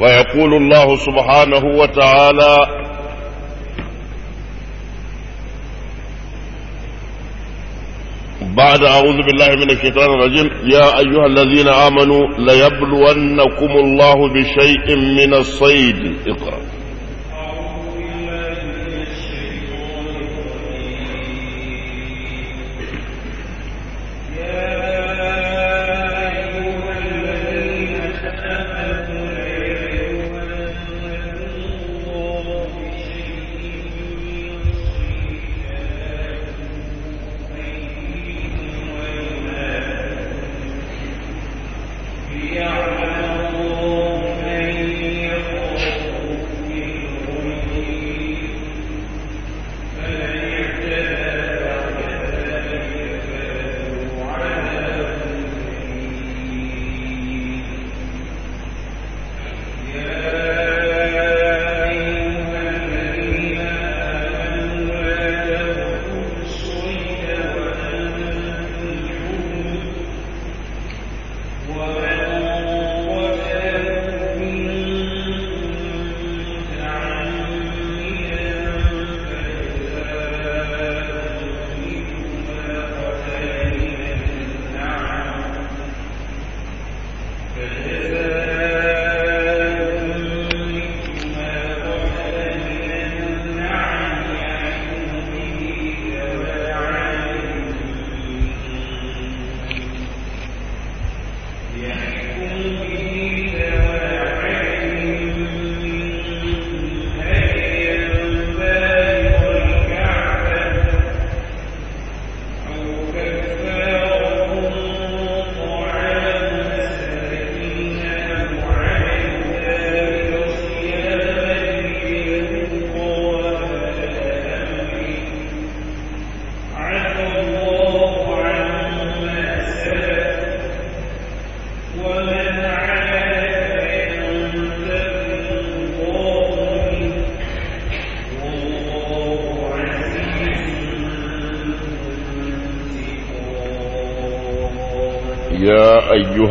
ويقول الله سبحانه وتعالى بعد أعوذ بالله من الشيطان الرجيم يا أيها الذين آمنوا ليبلونكم الله بشيء من الصيد اقرأ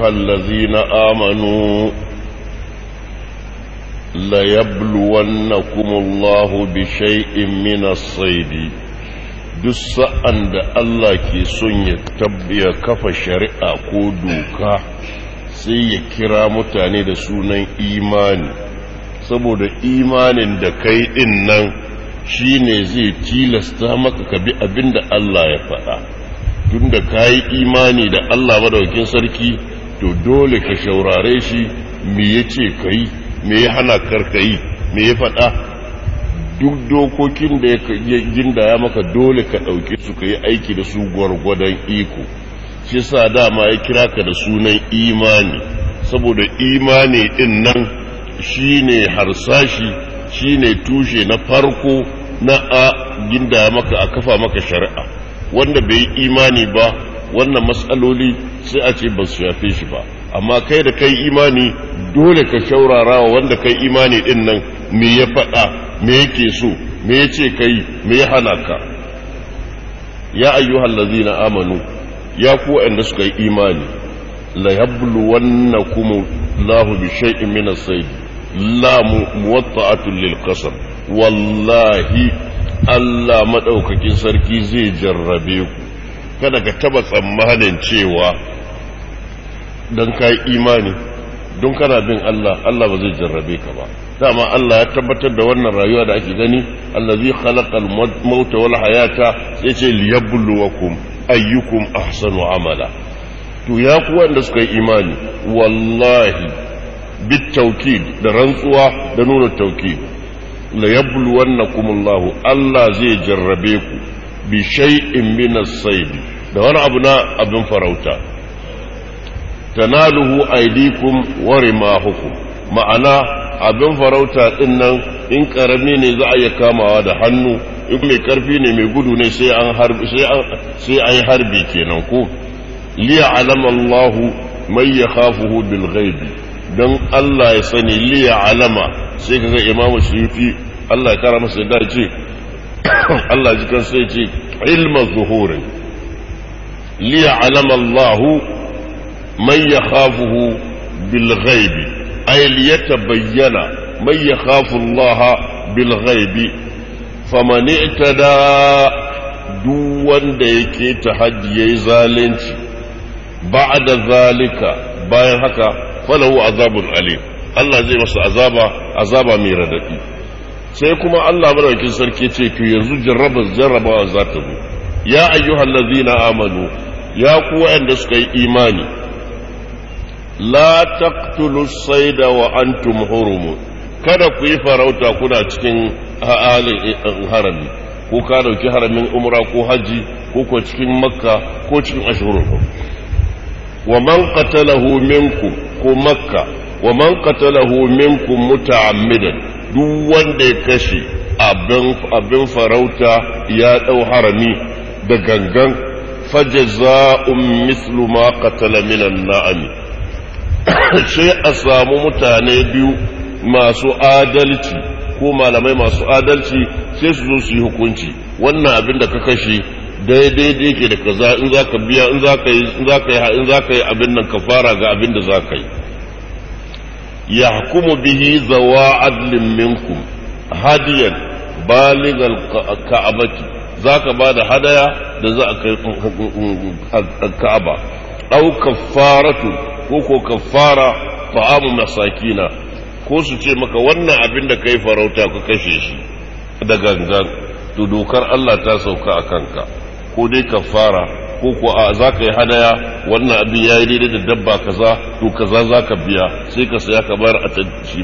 أيها الذين آمنوا ليبلونكم الله بشيء من الصيد duk sa'an da Allah ke son ya kafa shari'a ko doka sai ya kira mutane da sunan imani saboda imanin da kai ɗin nan shi ne zai tilasta maka ka bi abin da Allah ya faɗa Tunda da ka yi imani da Allah madaukin sarki to dole ka shaurare shi me ya ce ka yi me ya hana karka yi me ya faɗa duk dokokin da ya gindaya maka dole ka ɗauki su ka yi aiki da su gwargwadon iko shi sa dama ya kira ka da sunan imani saboda imani ɗin nan shi ne harsashi shi ne tushe na farko na a gindaya maka a kafa maka shari'a wanda bai yi imani ba wannan matsaloli sai a ce ba su shafe shi ba amma kai da kai imani dole ka shaurara wa wanda kai imani din nan me ya faɗa me yake so me ya ce kai me ya hana ka ya ayyuhal ladzina amanu ya ku waɗanda suka yi imani la yabluwannakum lahu bi shay'in min as-sayd la muwatta'atun lil qasam wallahi Allah madaukakin sarki zai jarrabe ku kada ka taba tsammanin cewa don ka yi imani don kana bin Allah Allah ba zai jarrabe ka ba dama Allah ya tabbatar da wannan rayuwa da ake gani allazi khalaqal mauta wal hayata yace liyabluwakum ayyukum ahsanu amala to ya ku wanda suka yi imani wallahi bit tawkid da rantsuwa da nuna tawkid layabluwannakum Allah Allah zai jarrabe ku bi shay'in min as-sayd da wani abu na abin farauta tanaluhu aidikum wa rimahukum ma'ana abin farauta din nan in karami ne za a iya kamawa da hannu in mai karfi ne mai gudu ne sai an harbi sai an sai ai harbi kenan ko liya alama Allah man yakhafuhu bil ghaibi dan Allah ya sani liya alama sai kaga imamu Suyuti Allah ya kara masa da ce Allah ji kan sai ce ilma zuhurin liya alama Allah man yakhafuhu bil ya ay liyatabayyana man yakhafu Allah bil ghaibi faman i'tada duk wanda yake tahaddi yayi zalunci ba'da zalika bayan haka falahu azabun alim Allah zai masa azaba azaba mai radadi sai kuma Allah madaukakin sarki ce to yanzu jarraba jarrabawa za ta zo ya ayyuhal ladzina amanu ya ku waɗanda suka yi imani la taqtulu الصيد wa antum kada ku yi farauta kuna cikin halin eh, harami ko ka dauki haramin umra ko haji ko ko cikin makka ko cikin ashhurul wa man qatalahu minkum ko makka wa man qatalahu minkum muta'ammidan duk wanda ya kashe abin abin farauta ya dau harami da gangan fajaza'un mislu ma qatala minan na'ami sai a samu mutane biyu masu adalci ko malamai masu adalci sai su zo su yi hukunci wannan abin da ka kashe daidai da yake da kaza in za ka biya in za ka yi in za ka yi in za ka yi abin nan ka fara ga abin da za ka yi ya hukumu bihi zawa adlin minkum hadiyan baligal ka'abaki za ka ba da hadaya da za a kai mm, mm, mm, ka'aba au kafaratu ko ko kaffara ta'amu masakina ko su ce maka wannan abin da kai farauta ka kashe shi da gangan to dokar Allah ta sauka a kanka ko dai kaffara ko ko a za ka yi hadaya wannan abin ya yi daidai da dabba kaza to kaza za ka biya sai ka saya kamar a ta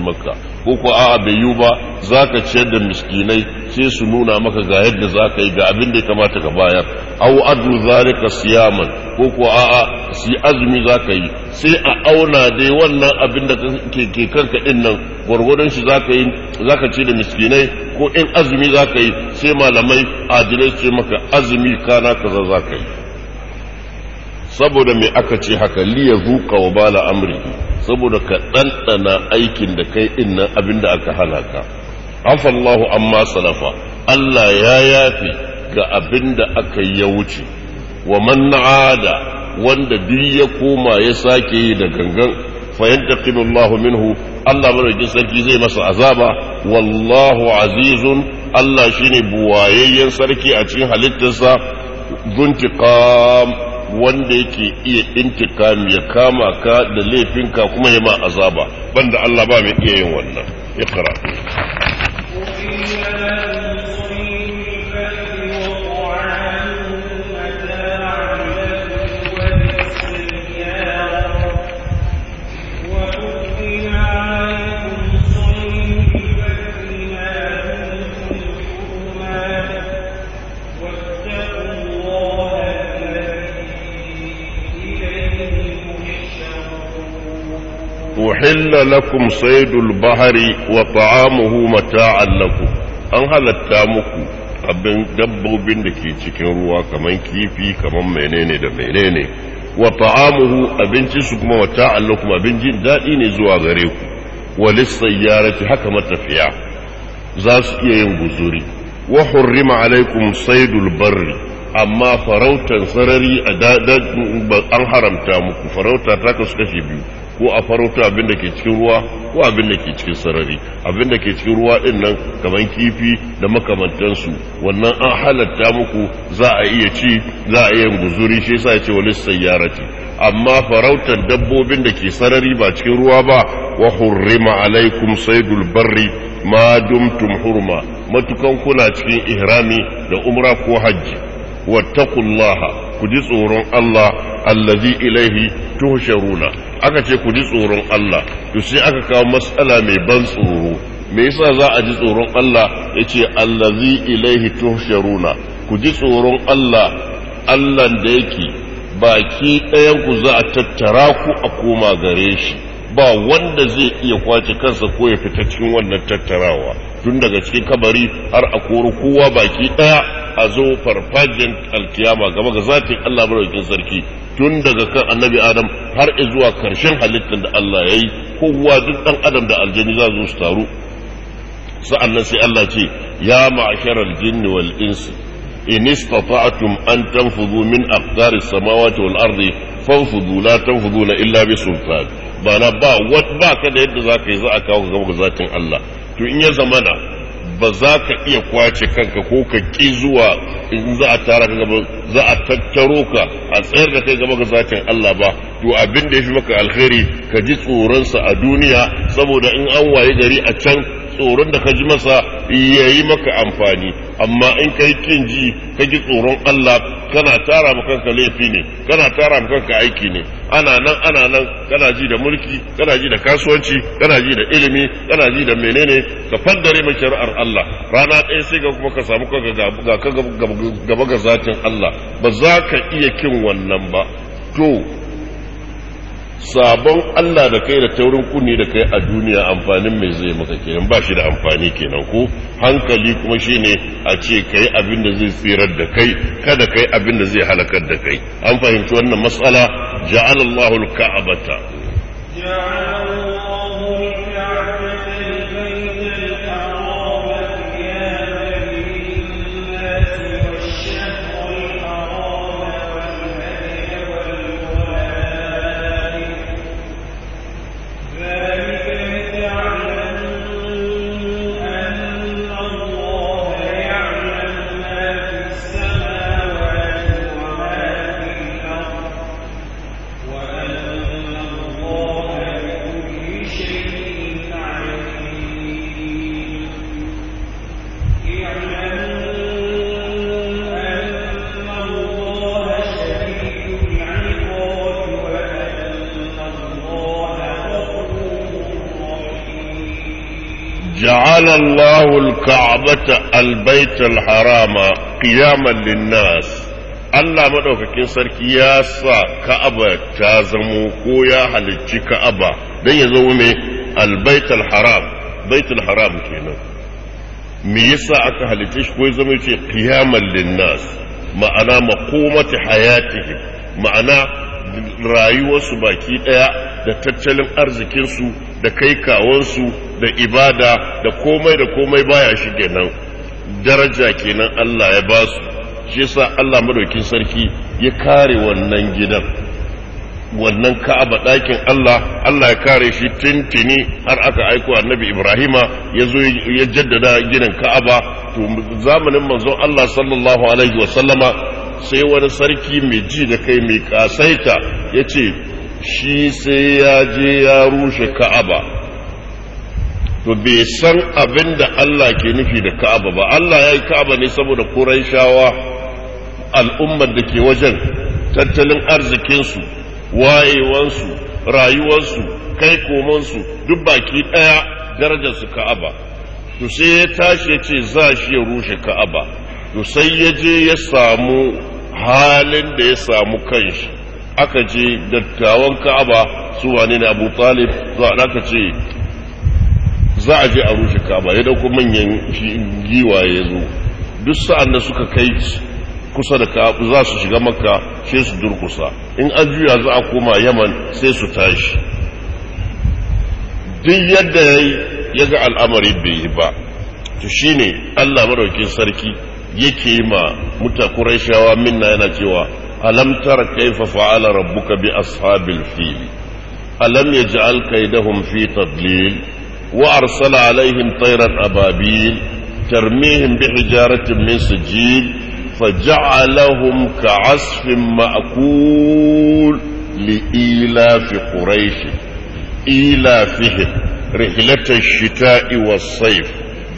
maka ko ko a'a bai yiwu ba za ka ciyar da miskinai sai su nuna maka ga yadda za ka yi ga abin da ya kamata ka bayar au adu zalika siyaman ko ko a'a si azumi za ka yi sai a auna dai wannan abin da ke kanka din nan gwargwadon shi za ka yi za ka ci da miskinai ko in azumi za ka yi sai malamai adilai ce maka azumi kana kaza za ka yi saboda me aka ce haka liya zuka wa bala amri saboda ka ɗanɗana aikin da kai nan abin da aka hana ka afallahu amma salafa Allah ya yafi ga abin da aka yi ya wuce wa man na'ada wanda duk ya koma ya sake yi da gangan fayantaqimu Allahu minhu Allah madaukakin sarki zai masa azaba wallahu azizun Allah shine buwayayyen sarki a cikin halittarsa zuntiqam wanda yake iya intikam ya kama ka da laifinka kuma ya ma azaba banda Allah ba mai iya yin wannan iqra uhilla lakum saidul bahari wa ta'amuhu mata'an lakum an halatta muku abin dabbobin da ke cikin ruwa kaman kifi kaman menene da menene wa ta'amuhu abinci su kuma mata'an lakum abin jin daɗi ne zuwa gare ku ya lissayyarati haka matafiya za su iya yin guzuri wa hurrima alaikum saidul barri amma farautan sarari an haramta muku farauta ta kasu kashi biyu ko a farauta abin da ke cikin ruwa ko abin da ke cikin sarari abin da ke cikin ruwa din nan kaman kifi da makamantansu wannan an halatta muku za a iya ci za a iya guzuri shi yasa yace walis sayyarati amma farautar dabbobin da ke sarari ba cikin ruwa ba wa hurrima alaikum saydul barri ma dumtum hurma matukan kuna cikin ihrami da umra ko hajji wattaqullaha ku ji tsoron Allah allazi ilaihi tuhsharuna aka ce ku ji tsoron Allah to sai aka kawo matsala mai ban tsoro me yasa za a ji tsoron Allah yace allazi ilaihi tuhsharuna ku ji tsoron Allah Allah da yake baki ɗayan ku za a tattara ku a koma gare shi ba wanda zai iya kwace kansa ko ya fita cikin wannan tattarawa tun daga cikin kabari har a kori kowa baki ɗaya a zo farfajin alkiyama gaba ga zatin Allah maraukin sarki tun daga kan annabi adam har zuwa karshen halittar da Allah ya yi kowa duk ɗan adam da aljani za su taru sa'an nan sai Allah ce ya ma'asharar jinni wal insi in istata'tum an tanfudu min aqdari samawati wal ardi fanfudu la tanfuduna illa bi sultan ba na ba ba ka da yadda zaka yi za a kawo ga zatin Allah to in ya zamana ba za ka iya kwace kanka ko ka ƙi zuwa in za a tara ka gaba za a tattaro ka a tsayar da kai gaba ga zakin Allah ba to abin da ya fi maka alkhairi ka ji tsoronsa a duniya saboda in an waye gari a can tsoron da ka ji masa yayi maka amfani amma in kai kin ji ji tsoron Allah kana tara ma kanka laifi ne kana tara ma kanka aiki ne ana nan ana nan kana ji da mulki kana ji da kasuwanci kana ji da ilimi kana ji da menene ka faddare ma shari'ar Allah rana ɗaya sai ga kuma ka samu kanka ga gaba ga zatin Allah ba za ka iya kin wannan ba to sabon Allah da kai da taurin kunni da kai a duniya amfanin mai zai maka kenan ba shi da amfani kenan ko hankali kuma shi ne a ce kai abin da zai tsirar da kai kada kai abin da zai halakar da kai an fahimci wannan matsala ja'alallahu al-ka'abata ja'alallahu بنى الله الكعبة البيت الحرام قياما للناس Allah maɗaukakin sarki ya sa Ka'aba ta zamo ko ya halicci Ka'aba don ya zama mai albaitul haram kenan me yasa aka halicce shi ko ya zama ce qiyamal linnas ma'ana maqamati hayatihim ma'ana rayuwarsu baki ɗaya da tattalin arzikinsu da kai kawansu da ibada da komai da komai baya shi kenan daraja kenan Allah ya ba su shi yasa Allah madaukin sarki ya kare wannan gidan wannan ka'aba ɗakin Allah Allah ya kare shi tintini har aka aiko annabi Ibrahima ya zo ya jaddada gidan ka'aba to zamanin manzo Allah sallallahu alaihi wa sallama sai wani sarki mai ji da kai mai kasaita ya ce shi sai ya je ya rushe ka'aba to bai san abin da Allah ke nufi da Ka'aba ba Allah ya yi Ka'aba ne saboda Qurayshawa al'ummar da ke wajen tattalin arzikinsu wayewansu rayuwarsu kai komansu duk baki ɗaya su Ka'aba to sai ya tashi ya ce za shi ya rushe Ka'aba to sai ya je ya samu halin da ya samu kanshi aka je dattawan Ka'aba su wane ne Abu Talib za a ce za a je a rushe kaba ya dauko manyan giwaye zo duk sa'an da suka kai kusa da za su shiga makka sai su durkusa in an juya za a koma yaman sai su tashi duk yadda ya yi ya ga al'amari bai yi ba to shi ne allah maraukin sarki yake yi ma muta shawa minna yana cewa alam tara kaifa fa'ala rabbuka bi ashabil fili alam yaj'al kaidahum fi tadlil وأرسل عليهم طيرا أبابيل ترميهم بحجارة من سجيل فجعلهم كعصف مأكول لإيلاف قريش إيلافهم رحلة الشتاء والصيف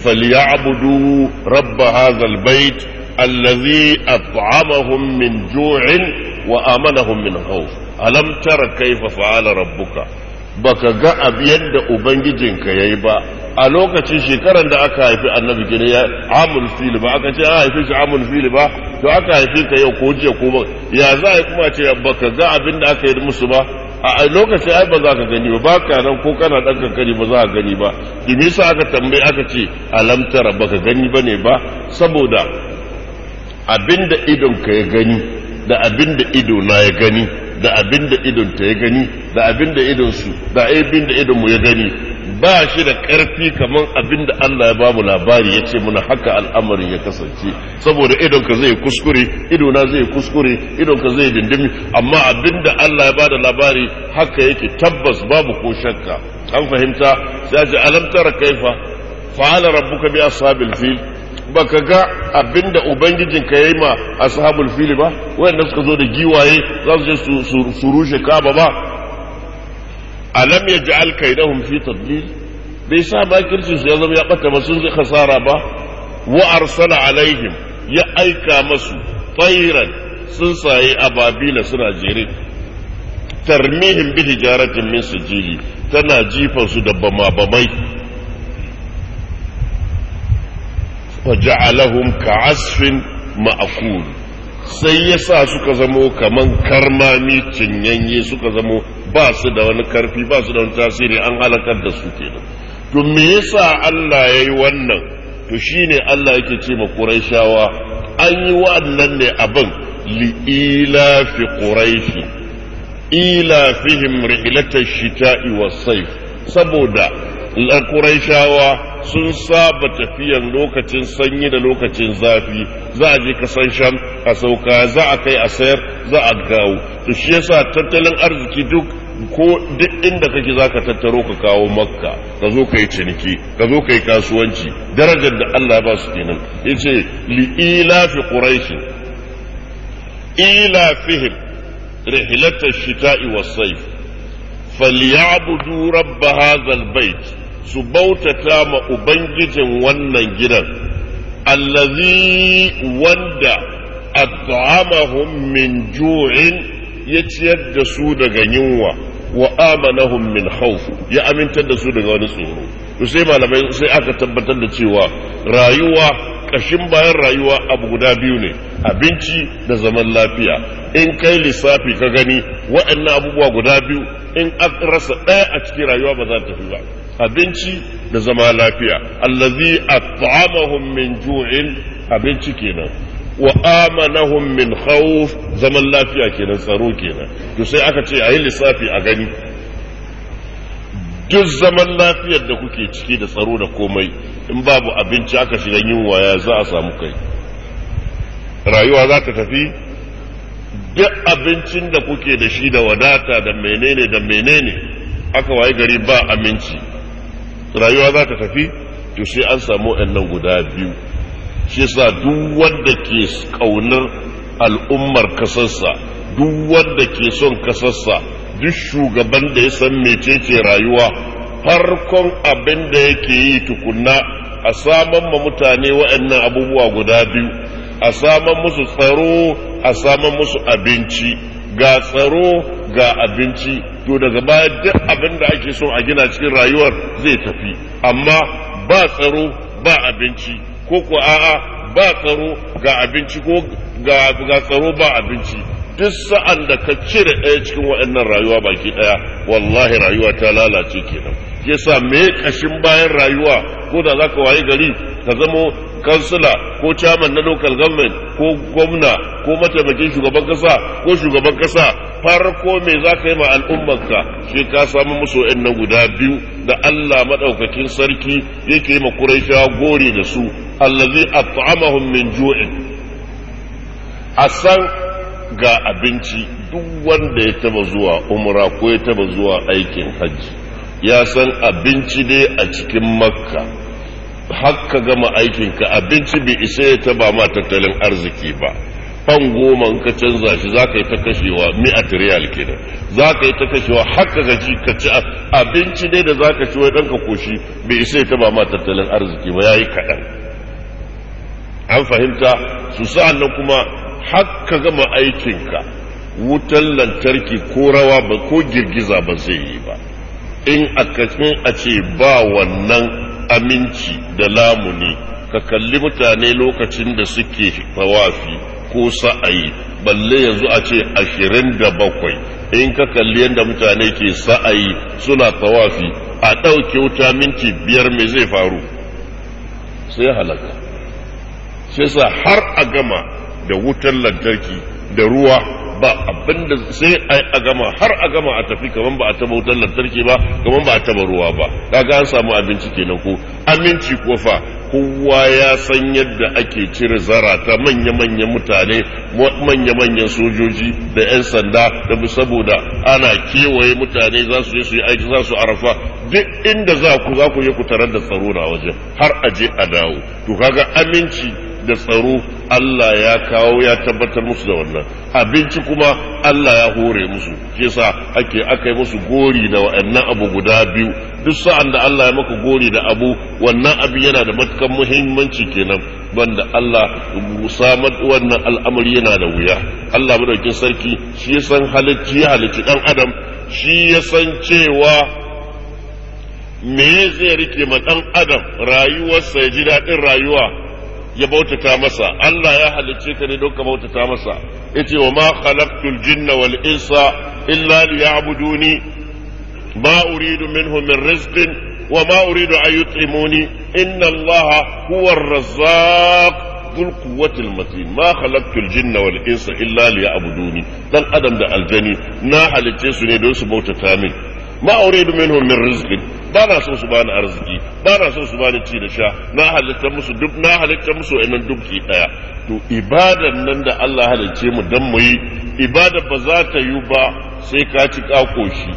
فليعبدوا رب هذا البيت الذي أطعمهم من جوع وآمنهم من خوف ألم تر كيف فعل ربك baka ga abu yadda ubangijinka yayi ba a lokacin shekaran da aka haifi annabi gine ya amul fil ba aka ce a haifi shi amul fil ba to aka haifi ka yau ko jiya ko ba ya za a yi kuma ce baka ga abin da aka yi musu ba a lokacin ai ba za ka gani ba baka nan ko kana dan kankani ba za ka gani ba dimi sa aka tambaye aka ce alam tara baka gani bane ba saboda abin da idon ka ya gani da abinda ido na ya gani da abin da idon ta ya gani da abin da idon su da abin da idon mu ya gani ba shi da ƙarfi kamar abin da Allah ya ba mu labari ya ce muna haka al'amarin ya kasance saboda idon ka zai kuskure idona zai kuskure idon ka zai dindimi amma abin da Allah ya ba da labari haka yake tabbas babu ko shakka an fahimta sai a ce alam tara kaifa fa'ala rabbuka bi ashabil fil baka ga abinda ubangijin ka yi ma ashabul fili ba wayanda suka zo da giwaye za su je su rushe kaba ba alam ji kaidahum fi tadlil bai sa bakircin su ya zama ya bata masu sun khasara ba wa arsala alaihim ya aika masu tayran sun saye Babila suna jere Tarmihin bihi jaratin min sijili tana jifan su da bama bamai faja'alahum كعصف ma'akul sai ya sa suka zamo kaman karmami cinyanye suka zamo ba su da wani karfi ba su da wani tasiri an halakar da su kenan to me yasa Allah ya yi wannan to shine Allah yake ce ma Qurayshawa an yi wannan ne abin ila fi Quraishi ila fihim rihlatash shita'i was-sayf saboda Qurayshawa sun saba tafiyan lokacin sanyi da lokacin zafi za a je kasan sham a sauka za a kai a sayar za a gawo to shi yasa tattalin arziki duk ko duk inda kake zaka tattaro ka kawo makka ka zo ka yi ciniki ka zo ka yi kasuwanci darajar da Allah ba su kenan yace li ila fi quraish ila fihim rihlatash shita'i was sayf falyabudu rabba hazal bait su bautata ma ubangijin wannan gidan allazi wanda at'amahum min ju'in ya ciyar da su daga yunwa wa amanahum min khawf ya aminta da su daga wani tsoro to sai malamai sai aka tabbatar da cewa rayuwa kashin bayan rayuwa abu guda biyu ne abinci da zaman lafiya in kai lissafi ka gani waɗannan abubuwa guda biyu in a rasa ɗaya a cikin rayuwa ba za ta fi ba abinci da zama lafiya allazi at'amahum min ju'in abinci kenan wa amanahum min khawf zaman lafiya kenan tsaro kenan to sai aka ce ayi lissafi a gani duk zaman lafiyar da kuke ciki da tsaro da komai in babu abinci aka shiga yunwa ya za a samu kai rayuwa za ta tafi duk abincin da kuke da shi da wadata da menene da menene aka waye gari ba aminci rayuwa za ta tafi to sai an samu nan guda biyu shi sa duk wanda ke kaunar al'ummar kasarsa duk wanda ke son kasarsa duk shugaban da ya san mecece rayuwa farkon abin da yake yi tukunna a saman ma mutane waɗannan abubuwa guda biyu a saman musu tsaro a saman musu abinci ga tsaro ga abinci to daga baya duk abin da ake so a gina cikin rayuwar zai tafi amma ba tsaro ba abinci ko ko a'a ba tsaro ga abinci ko ga tsaro ba abinci duk sa'an da ka cire ɗaya cikin waɗannan rayuwa baki ɗaya wallahi rayuwa ta lalace kenan yasa me ƙashin bayan rayuwa ko da zaka waye gari ka zamo kansila ko chairman na local government ko gwamna ko mataimakin shugaban kasa ko shugaban kasa farko me za ka yi ma al'ummarka shi ka samu musu na guda biyu da Allah madaukakin sarki yake yi ma Quraishawa gore da su allazi at'amahum min ju'in a san ga abinci duk wanda ya taba zuwa umra ko ya taba zuwa aikin hajji ya san abinci dai a cikin makka hakka gama aikinka abinci bai isa ya taba ma tattalin arziki ba fan goma ka canza shi za ka yi ta kashewa mi'at riyal kenan za ka yi ta kashewa haka ka ji ka ci abinci dai da za ka ci wai ɗanka koshi bai isa ya taba ma tattalin arziki ba ya yi kaɗan an fahimta su sa'an nan kuma har ka gama aikinka wutan lantarki ko rawa ba ko girgiza ba zai yi ba in a ce ba wannan aminci da lamuni ka kalli mutane lokacin da suke tawafi ko sa'ayi balle yanzu a ce ashirin da bakwai in ka kalli yadda mutane ke sa'ayi suna tawafi a ɗauke wuta minti biyar mai zai faru sai halaka sai sa har a gama da wutar lantarki da ruwa ba abin sai a gama har a gama a tafi kaman ba a taba wutar lantarki ba kaman ba a taba ruwa ba kaga an samu abinci kenan ko aminci ko fa kowa ya san yadda ake cire zara ta manya-manyan mutane manya-manyan sojoji da 'yan sanda da saboda ana kewaye mutane za su su yi aiki za su arafa duk inda za ku za ku yi ku tarar da tsaro na wajen har a je a dawo to kaga aminci da tsaro Allah ya kawo ya tabbatar musu da wannan abinci kuma Allah ya hore musu shi yasa ake aka yi musu gori da wa'annan abu guda biyu duk sa'an da Allah ya maka gori da abu wannan abin yana da matukar muhimmanci kenan banda Allah musamman wannan al'amari yana da wuya Allah madaukin sarki shi ya san halicci ya halicci dan adam shi ya san cewa me zai rike ma ɗan adam rayuwarsa ya ji daɗin rayuwa ya bautata masa Allah ya halicce ka ne don ka bautata masa yace wa ma khalaqtul jinna wal insa illa liya'buduni ma uridu minhum min rizqin wa ma uridu an yut'imuni inna Allah huwa ar-razzaq dhul quwwati al-matin ma khalaqtul jinna wal insa illa liya'buduni dan adam da aljani na halicce su ne don su bautata min ma uridu minhum min rizqin ba na so su bani arziki ba na so su bani ci da sha na halitta musu duk na halitta musu wannan dubki daya to ibadan nan da Allah halicce mu dan mu yi ibada ba za ta yi ba sai ka ci kakoshi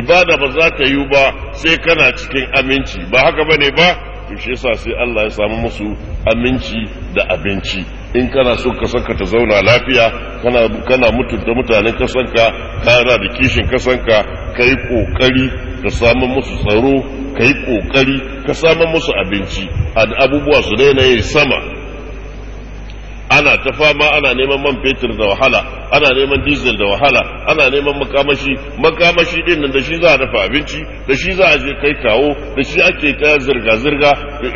ibada ba za ta yi ba sai kana cikin aminci ba haka bane ba to shi yasa sai Allah ya samu musu aminci da abinci in kana so ka sanka ta zauna lafiya kana kana mutunta mutanen kasanka kana da kishin kasanka kai kokari ka samu musu tsaro kai kokari ka samu musu abinci abubuwa su daina yi sama ana ta fama ana neman man fetur da wahala ana neman diesel da wahala ana neman makamashi makamashi din nan da shi za a dafa abinci da shi za a je kai kawo da shi ake ta zirga zirga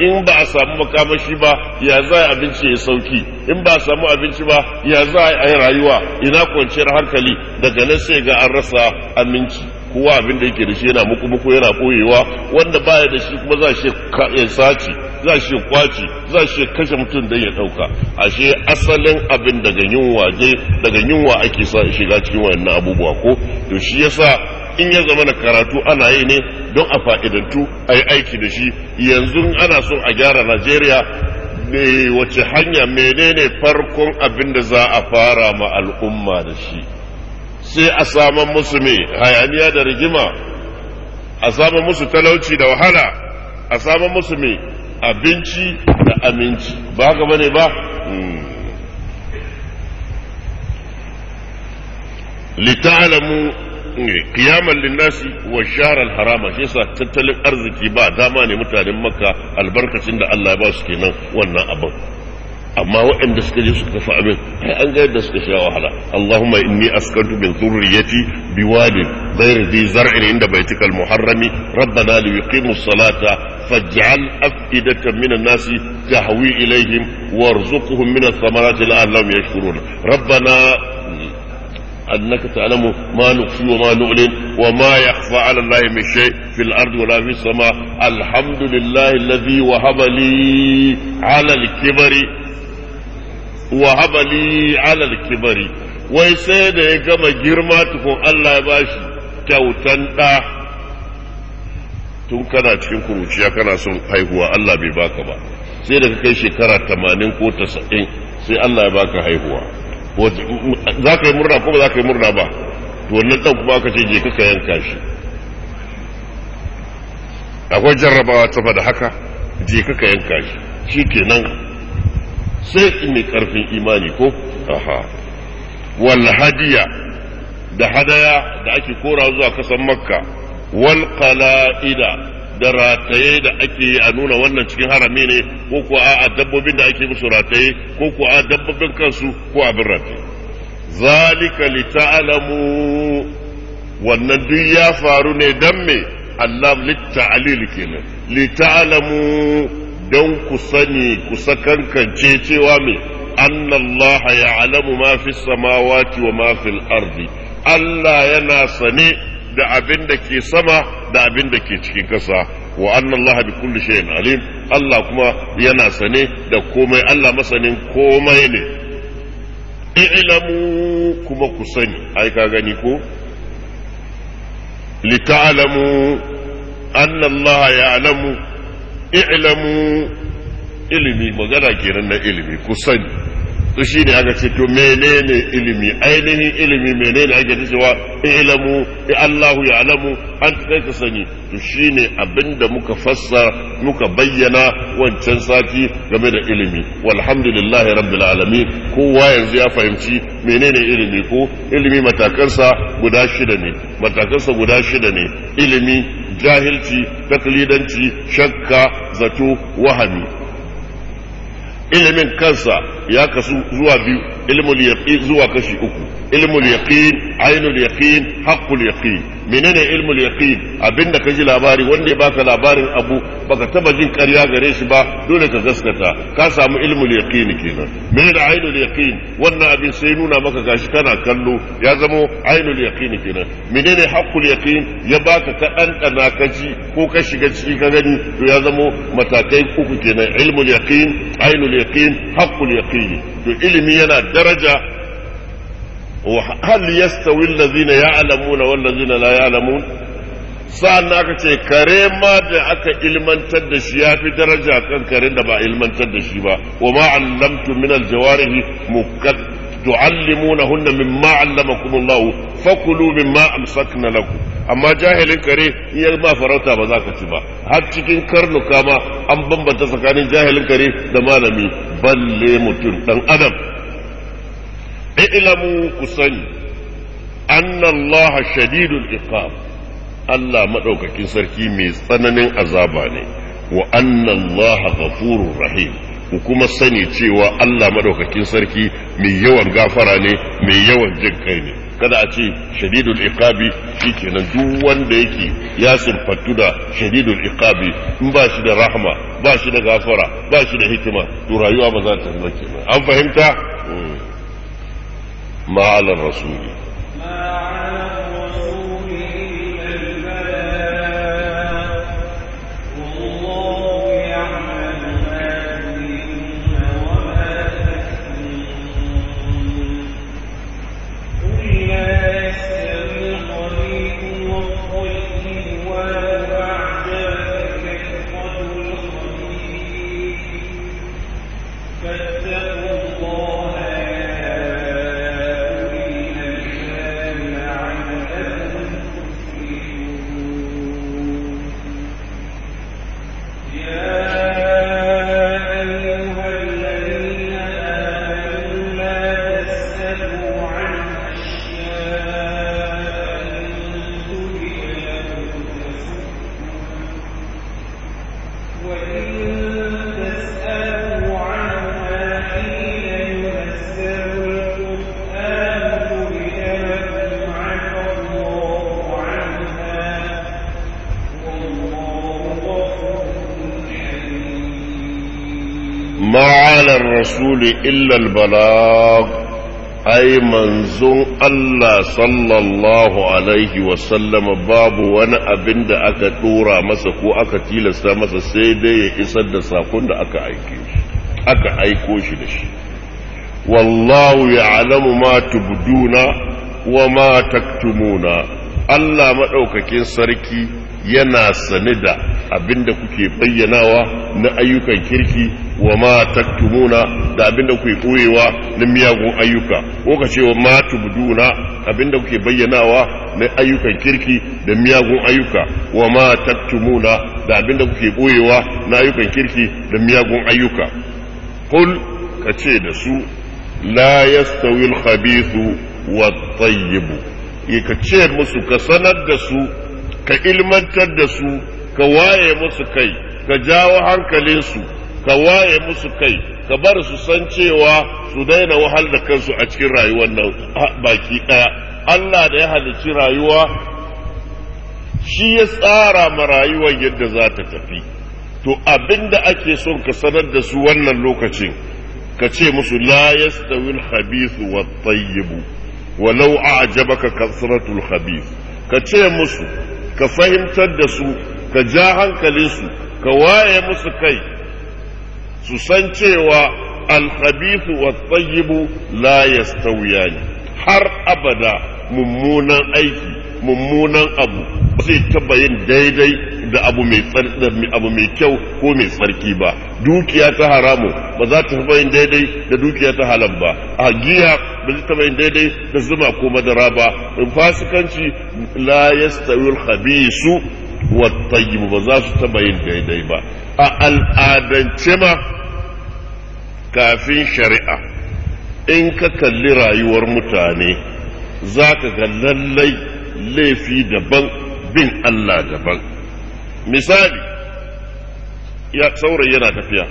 in ba a samu makamashi ba ya za a abinci ya sauki in ba a samu abinci ba ya za a yi rayuwa ina kwanciyar hankali daga nan sai ga an rasa aminci kowa abin da yake da shi yana muku muku yana koyewa wanda baya da shi kuma za shi ya sace za shi kwaci za shi kashe mutum don ya dauka ashe asalin abin daga yunwa je daga yunwa ake sa shiga cikin wayannan abubuwa ko to shi yasa in ya zama na karatu ana yi ne don a fa'idantu a yi aiki da shi yanzu ana so a gyara najeriya ne wace hanya menene farkon abin da za a fara ma al'umma da shi sai a saman musu mai hayaniya da rigima a saman musu talauci da wahala a saman musu mai abinci da aminci ba haka bane ba hmm. lita'alamu kiyaman eh, linnasi wa sharar harama shi yasa tattalin arziki ba dama ne mutanen makka albarkacin da Allah ya ba su kenan wannan abin amma waɗanda suka je suka kafa abin ai an ga yadda suka sha wahala Allahumma inni askantu min dhurriyyati biwadin ghayri dhi zar'in inda baitikal muharrami rabbana li yuqimu as-salata faj'al af'idatan min an-nas tahwi ilayhim warzuqhum min ath-thamarati la'allahum yashkurun rabbana أنك تعلم ما نخفي وما نعلن وما يخفى على الله من شيء في الأرض ولا في السماء الحمد لله الذي وهب لي على الكبر wa habali alal kibari wai sai da ya gama girma tukun Allah ya bashi kyautan ɗa tun kana cikin kuruciya kana son haihuwa Allah bai baka ba sai da ka kai shekara tamanin ko tasa'in sai Allah ya baka haihuwa za ka yi murna ko ba za ka yi murna ba to wannan ɗan kuma aka ce je ka yanka shi akwai jarrabawa ta da haka je ka yanka shi shi kenan sai mai karfin imani ko aha wal hadiya da hadaya da ake kora zuwa kasan makka wal qala'ida da rataye da ake a nuna wannan cikin harami ne ko ko a dabbobin da ake musu rataye ko ko a dabbobin kansu ko abin rataye zalika ta'lamu wannan duk ya faru ne dan me Allah litta'alil kenan ta'lamu don ku sani ku sakankance cewa me annallaha ya'lamu ma fi samawati wa ma fil ardi Allah yana sane da abin da ke sama da abin da ke cikin kasa wa annallaha bi kulli shay'in alim Allah kuma yana sane da komai Allah masanin komai ne i'lamu kuma ku sani ai ka gani ko li ta'lamu annallaha ya'lamu i'lamu ilimi magana kenan na ilimi ku sani to shi aka ce to menene ilimi ainihi ilimi menene ake ce cewa ilamu Allahu ya alamu an kai ka sani to shi abinda muka fassa muka bayyana wancan sati game da ilimi walhamdulillah rabbil alamin kowa yanzu ya fahimci menene ilimi ko ilimi matakansa guda shida ne matakansa guda shida ne ilimi jahilci taklidanci shakka zato wahami ilimin kansa ya kasu zuwa biyu ilmul yaqin zuwa kashi uku ilmul yaqin ainul yaqin haqqul yaqin menene ilmul yaqin abinda ka ji labari wanda ya baka labarin abu baka taba jin ƙarya gare shi ba dole ka gaskata ka samu ilmul yaqin kenan menene ainul yaqin wannan abin sai nuna maka gashi kana kallo ya zamo ainul yaqin kenan menene haqqul yaqin ya baka ka ɗanɗana ka ji ko ka shiga ciki ka gani to ya zamo matakai uku kenan ilmul yaqin ainul yaqin haqqul yaqin to ilimi yana daraja wa hal yastawi allazina ya'lamuna wal ladzina la ya'lamun sa'an aka ce kare ma da aka ilmantar da shi ya daraja kan karen da ba ilmantar da shi ba wa ma allamtu min al-jawarihi مما mimma الله fakulu mimma امسكنا لكم amma jahilin kare in ya ba farauta ba za ka ci ba har cikin karnuka ma an bambanta tsakanin jahilin kare da malami balle mutum dan adam i'lamu ku sani anna Allah shadidul iqab Allah madaukakin sarki mai tsananin azaba ne wa anna Allah ghafurur rahim ku kuma sani cewa Allah madaukakin sarki mai yawan gafara ne mai yawan jin kai ne kada a ce shadidul iqabi shikenan duk wanda yake ya sirfattu da shadidul iqabi in ba shi da rahma ba shi da gafara ba shi da hikima to rayuwa ba za ta zama kenan an fahimta hmm. ma'alar rasuli الرسول إلا البلاغ أي منزون الله صلى الله عليه وسلم باب وانا أبند أكا تورا مسكو أكا تيلا سامسا سيدي إسد ساقون أكا أيكيش أكا أيكوش دشي والله يعلم ما تبدون وما تكتمون الله مدوكاكين سركي yana sane da abin da kuke bayyanawa na ayyukan kirki wa ma taktumuna da abinda kuke koyewa na miyagun ayyuka ko ka ce wa ma tubduna abinda kuke bayyanawa na ayyukan kirki da miyagun ayyuka wa ma taktumuna da abinda kuke koyewa na ayyukan kirki da miyagun ayyuka kul ka ce da su la yastawi al-khabithu wat-tayyib e, ka ce musu ka sanar da su ka ilmantar da su ka waye musu kai ka jawo hankalinsu ka waye musu kai ka bar su san cewa su daina wahal da kansu a cikin rayuwar nan baki ɗaya Allah da ya halicci rayuwa shi ya tsara ma rayuwar yadda za ta tafi to abinda ake son ka sanar da su wannan lokacin ka ce musu la yastawil khabithu wat tayyibu walau a'jabaka kasratul khabith ka ce musu ka fahimtar da su ka ja hankalinsu ka waye musu kai su san cewa alhabisu wa tsayibu la yastawiya ne har abada mummunan aiki mummunan abu ba zai taba yin daidai da abu mai abu mai kyau ko mai tsarki ba dukiya ta haramu ba za ta taba yin daidai da dukiya ta halal ba a giya ba zai taba yin daidai da zuma ko madara ba in fasikanci la yastawil khabisu wattayyibu ba za su taba yin daidai ba a al'adance ma kafin shari'a in ka kalli rayuwar mutane za ka ga lallai laifi daban bin Allah daban misali ya saurayi yana tafiya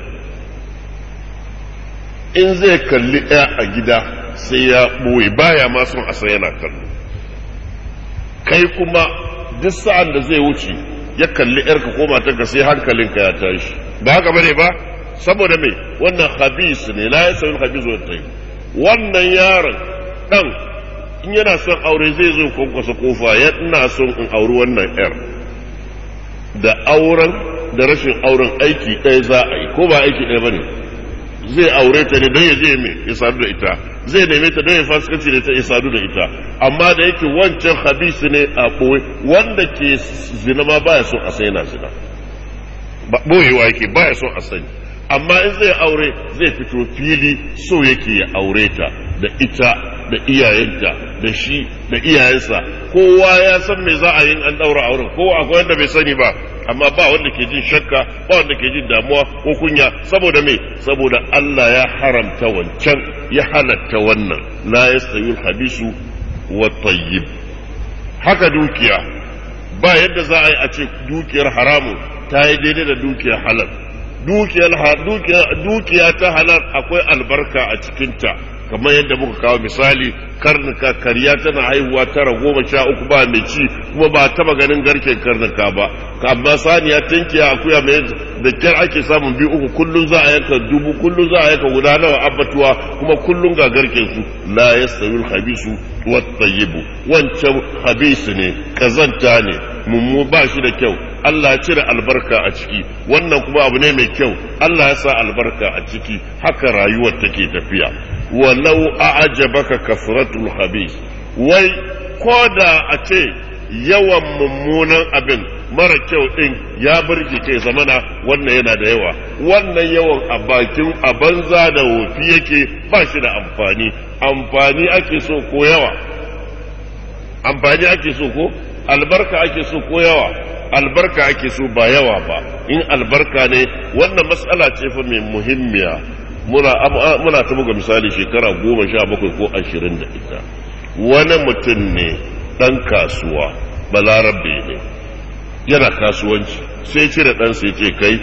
in zai kalli ɗaya a gida sai ya ɓoye baya ma son a san yana kallo kai kuma duk sa'an da zai wuce ya kalli yarka ko ka sai hankalinka ya tashi ba haka bane ba saboda me wannan habis ne la ya sayi habis wa tayi wannan yaron ɗan in yana son aure zai zo kwankwasa kofa ya ina son in auri wannan yar da auren da rashin auren aiki ɗaya za a yi ko ba aiki ɗaya ne. zai aure ta ne don ya je mai ya sadu da ita zai neme ta don ya fasikaci da ta ya sadu da ita amma da yake wancan habisi ne a koyi wanda ke zina ma baya son a sai na zina ɓoyewa yake baya son a sani amma in zai aure zai fito fili so yake ya aure ta da ita da iyayenta da shi da iyayensa kowa ya san me za a yi an daura auren kowa akwai wanda bai sani ba amma ba wanda ke jin shakka ba wanda ke jin damuwa ko kunya saboda me saboda Allah ya haramta wancan ya halatta wannan la yastayul hadisu wa tayyib haka dukiya ba yadda za a yi a ce dukiyar haramu ta yi daidai da dukiyar halal dukiyar dukiya ta halal akwai albarka a cikinta kamar yadda muka kawo misali karnuka karya tana haihuwa tara goma sha uku ba mai ci kuma ba taba ganin garken karnuka ba amma saniya tankiya akuya mai da kyar ake samun biyu uku kullum za a yanka dubu kullum za a yanka guda nawa abbatuwa kuma kullum ga garken su la yastawil habisu wat tayyibu wancan habisu ne kazanta ne mummu ba shi da kyau Allah ya cire albarka a ciki wannan kuma abu ne mai kyau Allah ya sa albarka a ciki haka rayuwar take tafiya wa walau a'jabaka kasratul habis wai ko da a ce yawan mummunan abin mara kyau din ya burge kai zamana wannan yana da yawa wannan yawan a bakin a banza da wofi yake ba shi da amfani amfani ake so ko yawa amfani ake so ko albarka ake so ko yawa albarka ake so ba yawa ba in albarka ne wannan matsala ce fa mai muhimmiya muna ta buga misali shekara goma sha bakwai ko ashirin da ita wani mutum ne ɗan kasuwa balarabe ne yana kasuwanci sai da ɗan sai ce kai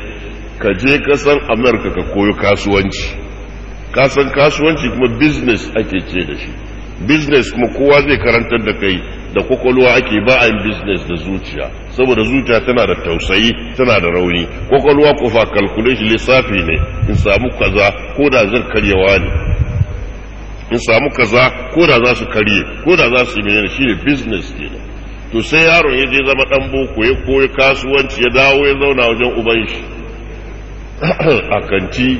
ka je kasan amurka ka koyo kasuwanci kasan kasuwanci kuma business ake ce da shi business kuma kowa zai karantar da kai da kwakwalwa ake ba a yin business da zuciya saboda zuciya tana da tausayi tana da rauni kwakwalwa kofa calculation lissafi ne in samu kaza ko da zan karyewa ne in samu kaza ko da za su karye ko da za su yi shi ne business kenan to sai yaro ya je zama dan boko ya koyi kasuwanci ya dawo ya zauna wajen uban shi a kanti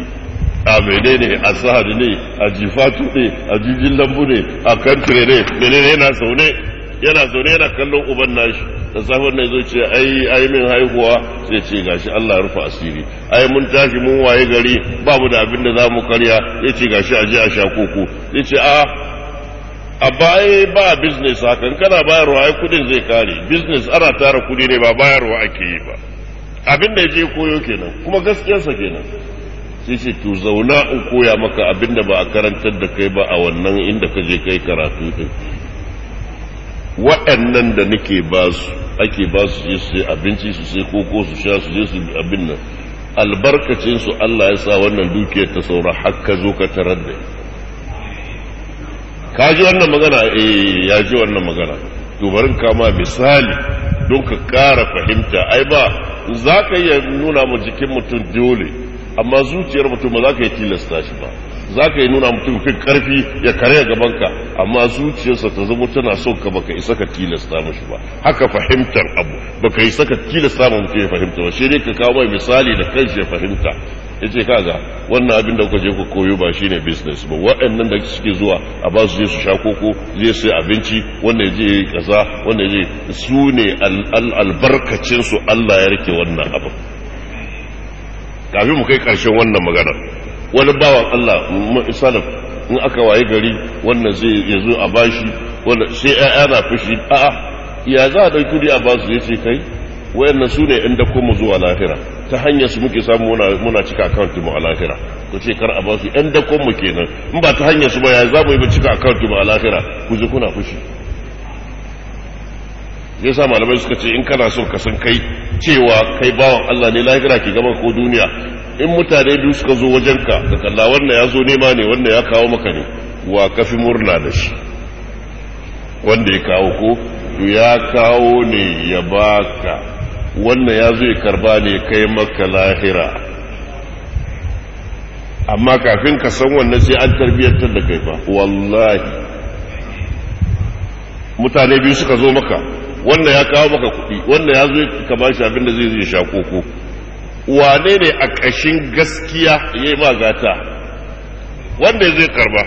a menene a sahari ne a jifatu ne a jijin lambu ne a kantire ne ne yana sau ne yana zaune yana kallon uban nashi da safar ne zo ce ai ai min haihuwa sai ce gashi Allah rufa asiri ai mun tashi mun waye gari Babu da abin da za mu karya sai ce gashi a je a sha koko sai ce a a baya ba business hakan kana bayarwa ai kudin zai kare business ana tara kudi ne ba bayarwa ake yi ba abin da je koyo kenan kuma gaskiyarsa kenan sai ce to zauna in koya maka abin da ba a karantar da kai ba a wannan inda ka je kai karatu din waɗannan da nake ba su ake ba su je su abinci su sai koko su sha su je su abin nan albarkacin su Allah ya sa wannan dukiyar ta saura har ka zo ka tarar da ka ji wannan magana eh ya ji wannan magana to bari kama misali don ka ƙara fahimta ai ba za ka iya nuna mu jikin mutum dole amma zuciyar mutum ba za ka yi tilasta shi ba za ka yi nuna mutum fin karfi ya kare gabanka amma zuciyarsa ta zama tana so ka baka isa ka tilasta mashi ba haka fahimtar abu baka isa ka tilasta ma mutum ya fahimta ba shi ne ka kawo mai misali da shi ya fahimta ya ce kaga wannan abin da kuka je ku koyo ba shi ne business ba waɗannan da suke zuwa a ba su je su sha koko zai sai abinci wanda ya yi kaza wanda ya je su ne albarkacinsu Allah ya rike wannan abin kafin mu kai ƙarshen wannan maganar wani bawan Allah misalin in aka waye gari wannan zai ya zo a bashi wannan sai ƴaƴa na fushi a'a ya za a ɗauki kuɗi a basu ya ce kai wayannan su ne inda kuma zuwa lahira ta hanyar su muke samu muna muna cika account mu a lahira ku ce kar a basu ɗan dakon mu kenan in ba ta hanyar su ba ya za mu yi cika account mu a lahira ku ji kuna fushi zai sa malamai suka ce in kana so ka san kai cewa kai bawan Allah ne lahira ke gaban ko duniya in mutane biyu suka zo wajenka ka kalla wannan ya zo nema ne wannan ya kawo maka ne wa kafi murna da shi wanda ya kawo ko ya kawo ne ya baka wannan ya zo ya karba ne kai maka lahira amma kafin ka san wannan sai an tarbiyyantar da kai ba wallahi mutane biyu suka zo maka wannan ya kawo maka kuɗi wannan ya zo ka ba shi abin da zai zai sha koko wane ne a ƙashin gaskiya ya yi gata wanda zai karba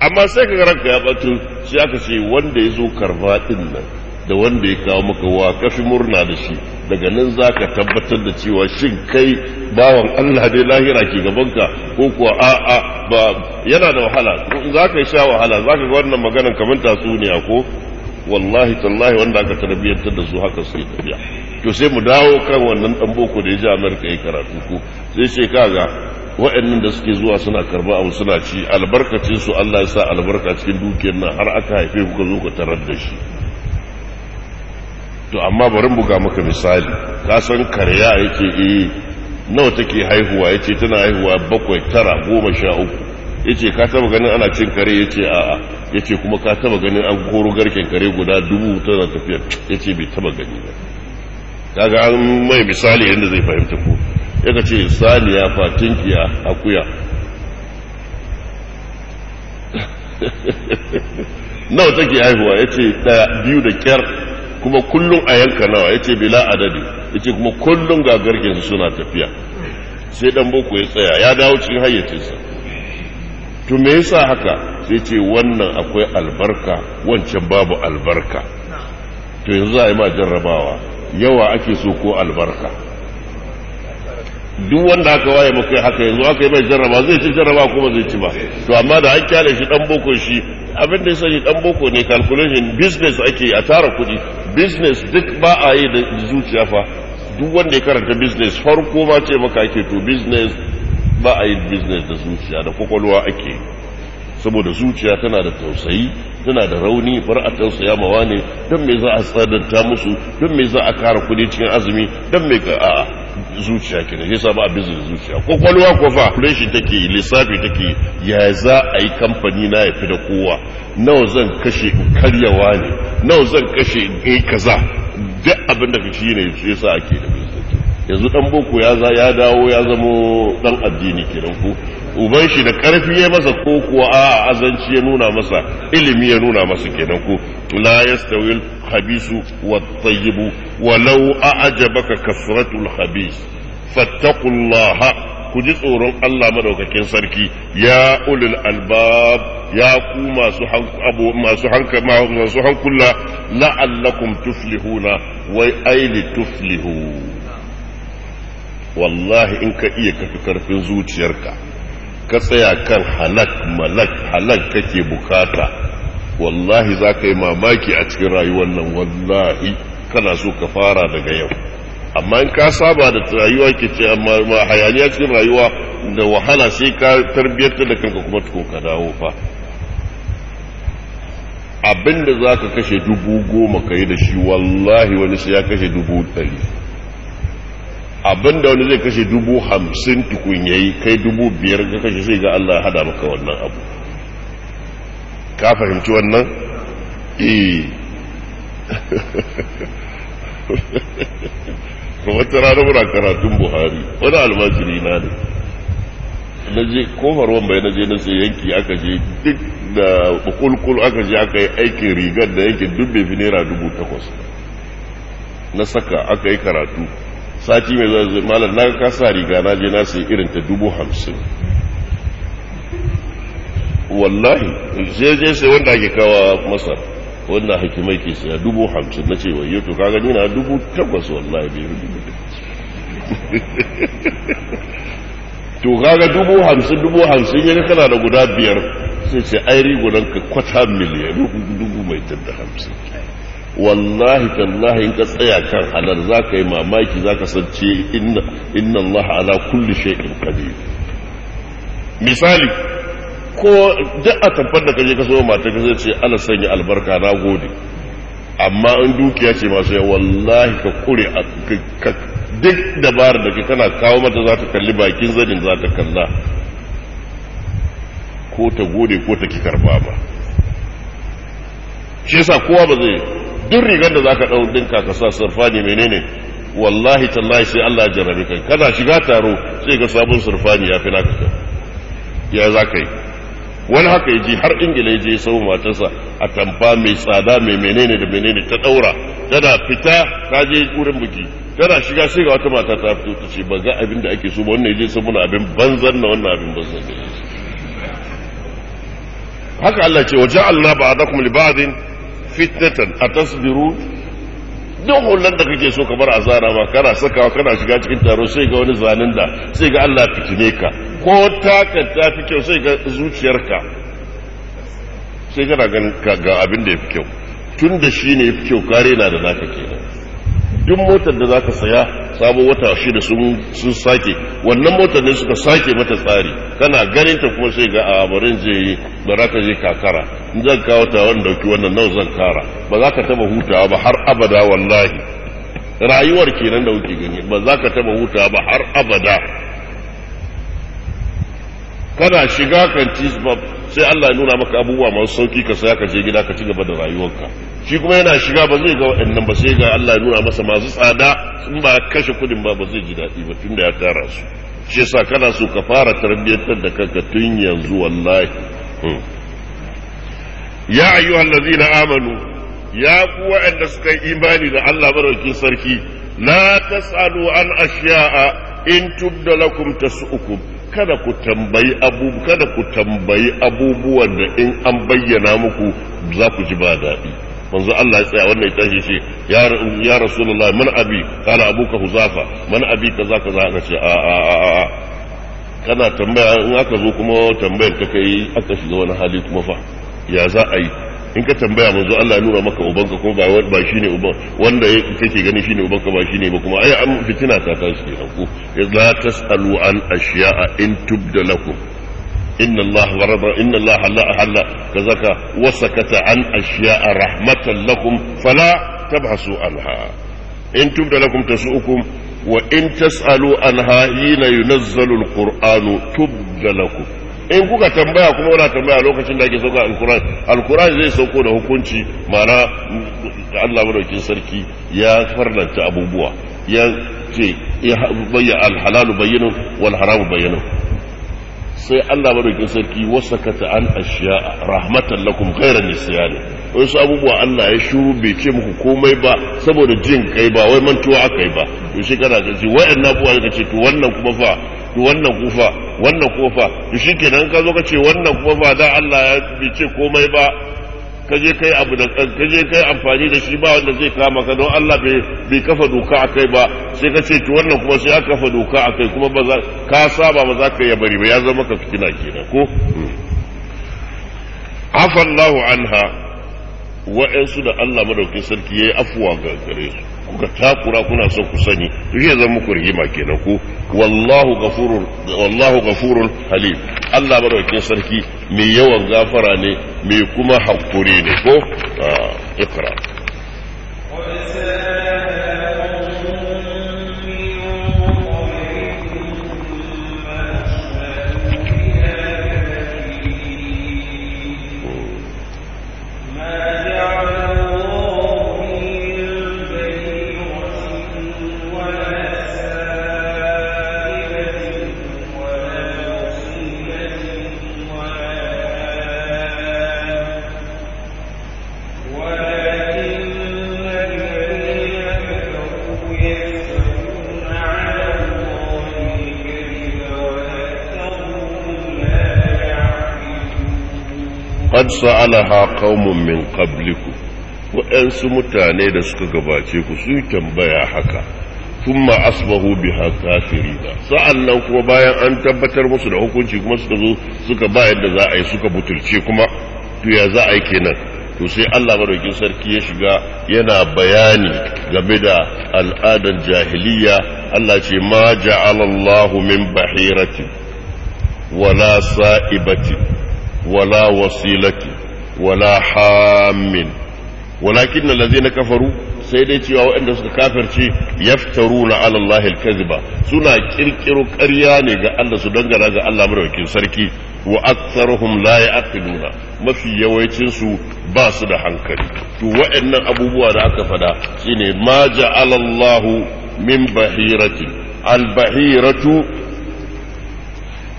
amma sai ka ranka ya bato shi aka ce wanda ya zo karba ɗin nan da wanda ya kawo maka wa kafi murna da shi daga nan za ka tabbatar da cewa shin kai bawan Allah dai lahira ke gabanka ko kuwa a'a ba yana da wahala za ka sha wahala za ka ga wannan maganan kamar tatsuniya ko wallahi tallahi wanda aka tarbiyyantar da su haka yi tafiya to sai mu dawo kan wannan dan boko da ya ji amerika ya karatu ko sai ce kaga waɗannan da suke zuwa suna karba abu suna ci albarkacin su Allah ya sa albarka cikin dukiyar nan har aka haife ku zo ka tarar da shi to amma bari ga maka misali ka san karya yake eh nawa take haihuwa yace tana haihuwa bakwai tara goma sha uku yace ka taba ganin ana cin kare yace a'a yace kuma ka taba ganin an koro garken kare guda dubu tana tafiya yace bai taba gani ba kaga an mai misali yadda zai fahimta ku yaka ce saniya fatinkiya akuya nawa take haihuwa ya ce ɗaya biyu da kyar kuma kullum a yanka nawa ya ce bila adadi ya ce kuma kullum ga garkinsu suna tafiya sai dan boko ya tsaya ya dawo cikin hayyacinsa to me yasa haka sai ce wannan akwai albarka wancan babu albarka to yanzu za a yi ma jarrabawa yawa ake so ko albarka duk wanda aka waye maka haka yanzu aka yi mai jarraba zai ci jarraba ko zai ci ba to amma da an kyale shi dan boko shi abin da ya sani dan boko ne calculation business ake a tara kuɗi business duk ba a yi da zuciya fa duk wanda ya karanta business farko ma ce maka ake to business ba a yi business da zuciya da kwakwalwa ake yi saboda zuciya tana da tausayi tana da rauni bar a tausaya mawa ne don me za a tsadanta musu don me za a kara kudi cikin azumi don me ka a zuciya kenan shi ba a bizin zuciya ko kwalwa ko fa kuleshi take lissafi take ya za a yi kamfani na ya fi da kowa nawa zan kashe karyawa ne nawa zan kashe in kaza duk abin da shi ne shi yasa ake da bizin yanzu dan boko ya ya dawo ya zamo dan addini kenan ku uban shi da karfi ya masa ko kuwa a azanci ya nuna masa ilimi ya nuna masa kenan ku la yastawi habisu wat tayyibu walau a'jabaka kasratul habis ku ji tsoron Allah madaukakin sarki ya ulul albab ya ku masu hankula masu hankula la'allakum tuflihuna wai aili tuflihu wallahi in ka iya kafi karfin zuciyarka ka tsaya kan halak malak halak kake bukata wallahi za ka yi mamaki a cikin rayuwar nan wallahi kana so ka fara daga yau amma in ka saba da rayuwa ke ce amma hayaniya cikin rayuwa da wahala sai ka tarbiyyar da kanka kuma tukun ka dawo fa abinda za ka kashe dubu goma ka yi da shi wallahi wani sai ya kashe dubu ɗari abin da wani zai kashe dubu hamsin tukun yayi kai dubu biyar ka kashe sai ga Allah ya hada maka wannan abu ka fahimci wannan eh wata rana muna karatun buhari wani almajiri na ne na je kofar wamba na je na sai yanki aka je duk da bukulkul aka je aka yi aikin rigar da yankin dubbe fi naira dubu takwas na saka aka yi karatu sati mai zuwa malar na kasa riga na je na sai irin ta dubu hamsin wallahi sai je sai wanda ake a masa wanda hakimai ke saya dubu hamsin na ce wayo to kaga ni na dubu takwas wallahi bai rubu to kaga dubu hamsin dubu hamsin yana kana da guda biyar sai ce ai rigunan ka kwata miliyan dubu mai tattalin hamsin wallahi tallahi in ka tsaya kan halar za ka yi mamaki za ka sance inna Allah ala kulli shay'in qadir misali ko da a tabbar da kaje ka so mata ka ce Allah sanya albarka na gode amma in dukiya ce masu yawa wallahi ka kure a duk dabarar da kana kawo mata za ta kalli bakin zanin za ta kalla ko ta gode ko ta ki karba ba shi yasa kowa ba zai duk rigar da zaka dau din ka sa surfa ne menene wallahi tallahi sai Allah ya jarrabe kai kana shiga taro sai ga sabon surfa ne ya fi naka ya zaka yi wani haka ya har ingila ya je sau matarsa a tamfa mai tsada mai menene da menene ta daura tana fita ta je wurin buki tana shiga sai ga wata mata ta fito ta ce ba ga abin da ake so ba wannan ya je sun muna abin banzan na wannan abin banzan haka Allah ce wa ja'alna ba'dakum li ba'din fitnatan tasbiru duk hullar da kake so ka bar azara ba kana sakawa kana shiga cikin taro sai ga wani zanin da sai ga Allah fitine ka ko taka ta fi kyau sai ga zuciyarka sai kana ganin ga abin da ya fi kyau tun da shi ne ya fi kyau kare na da zaka kenan duk motar da zaka saya sabon wata shida sun sun sake wannan motar ne suka sake mata tsari kana ganin ta kuma sai ga abarin je yi bara ka je kakara in zan kawo ta wani dauki wannan nawa zan kara ba za ka taba hutawa ba har abada wallahi rayuwar kenan da kuke gani ba za ka taba hutawa ba har abada kana shiga kan kanti sai Allah ya nuna maka abubuwa masu sauki ka saya ka je gida ka ci gaba da rayuwarka shi kuma yana shiga ba zai ga waɗannan ba sai ga Allah ya nuna masa masu tsada in ba kashe kudin ba ba zai ji daɗi ba tun da ya tara su shi yasa kana so ka fara tarbiyyar da kanka tun yanzu wallahi hmm. ya ayyuhal na amanu ya ku waɗanda suka yi imani da Allah barokin sarki la tasalu an ashiya'a in tubda lakum tasu'ukum kada ku tambayi kada ku tambayi abubuwan da in an bayyana muku za ku ji ba daɗi manzo Allah ya tsaya wannan ya ce ya ya rasulullah man abi kana abuka huzafa man abi kaza kaza ana ce a a a a kana tambaya in aka zo kuma tambayar ta kai aka shiga wani hali kuma fa ya za a yi in ka tambaya manzo Allah ya nuna maka ubanka kuma ba ba shine uban wanda kake gani shine ubanka ba shine ba kuma ai an fitina ta tashi kenan ku la tasalu an ashiya in tubda lakum إن الله ورد إن الله لا أهل كذاك وسكت عن أشياء رحمة لكم فلا تبحثوا عنها إن تبد لكم تسؤكم وإن تسألوا عنها حين ينزل القرآن تبد لكم in kuka tambaya kuma wala tambaya lokacin da ake sauka alkurani alkurani zai sauko da hukunci da Allah madaukin sarki ya farlanta abubuwa ya ce ya bayyana alhalalu bayyinun wal haramu sai Allah madaukin sarki wasakata an ashiya rahmatan lakum ghairan ne wasu abubuwa Allah ya shuru bai ce muku komai ba saboda jin kai ba wai mantuwa akai ba to shi kana ga ji na buwa daga ce to wannan kuma fa to wannan kufa wannan kufa to shikenan ka zo ka ce wannan kuma fa da Allah ya bai ce komai ba ka je kai abu da ka je kai amfani da shi ba wanda zai kama ka don Allah bai kafa doka a kai ba sai kace ce to wannan kuma sai aka kafa doka a kai kuma ba za ka saba ba za ka yi bari ba ya zama ka fitina kenan ko hmm. afallahu anha wa'ansu da Allah madaukin sarki yayi afuwa ga gare su kuka takura kuna son ku sani to zai zama muku rigima kenan ku wallahu ghafurun wallahu ghafurun halim Allah madaukakin sarki mai yawan gafara ne mai kuma hakuri ne ko ah, ikra qad sa'alaha qaumun min qablikum wa'ansu mutane da suka gabace ku su tambaya haka thumma asbahu biha kafirina sa'annan kuma bayan an tabbatar musu da hukunci kuma suka zo suka ba yadda za a yi suka butulce kuma to ya za a yi kenan to sai Allah madaukin sarki ya shiga yana bayani game da al'adar jahiliya Allah ce ma ja'alallahu min bahiratin wala sa'ibati ولا وصيلة ولا حام ولكن الذين كفروا sai dai cewa waɗanda suka kafirce yaftaruna ala Allah alkaziba suna ƙirƙiro ƙarya ne ga Allah su dangana ga Allah madaukakin sarki wa aktsaruhum la ya'qiluna mafi yawancin su ba su da hankali to waɗannan abubuwa da aka faɗa shine ma ja'ala Allah min bahirati albahiratu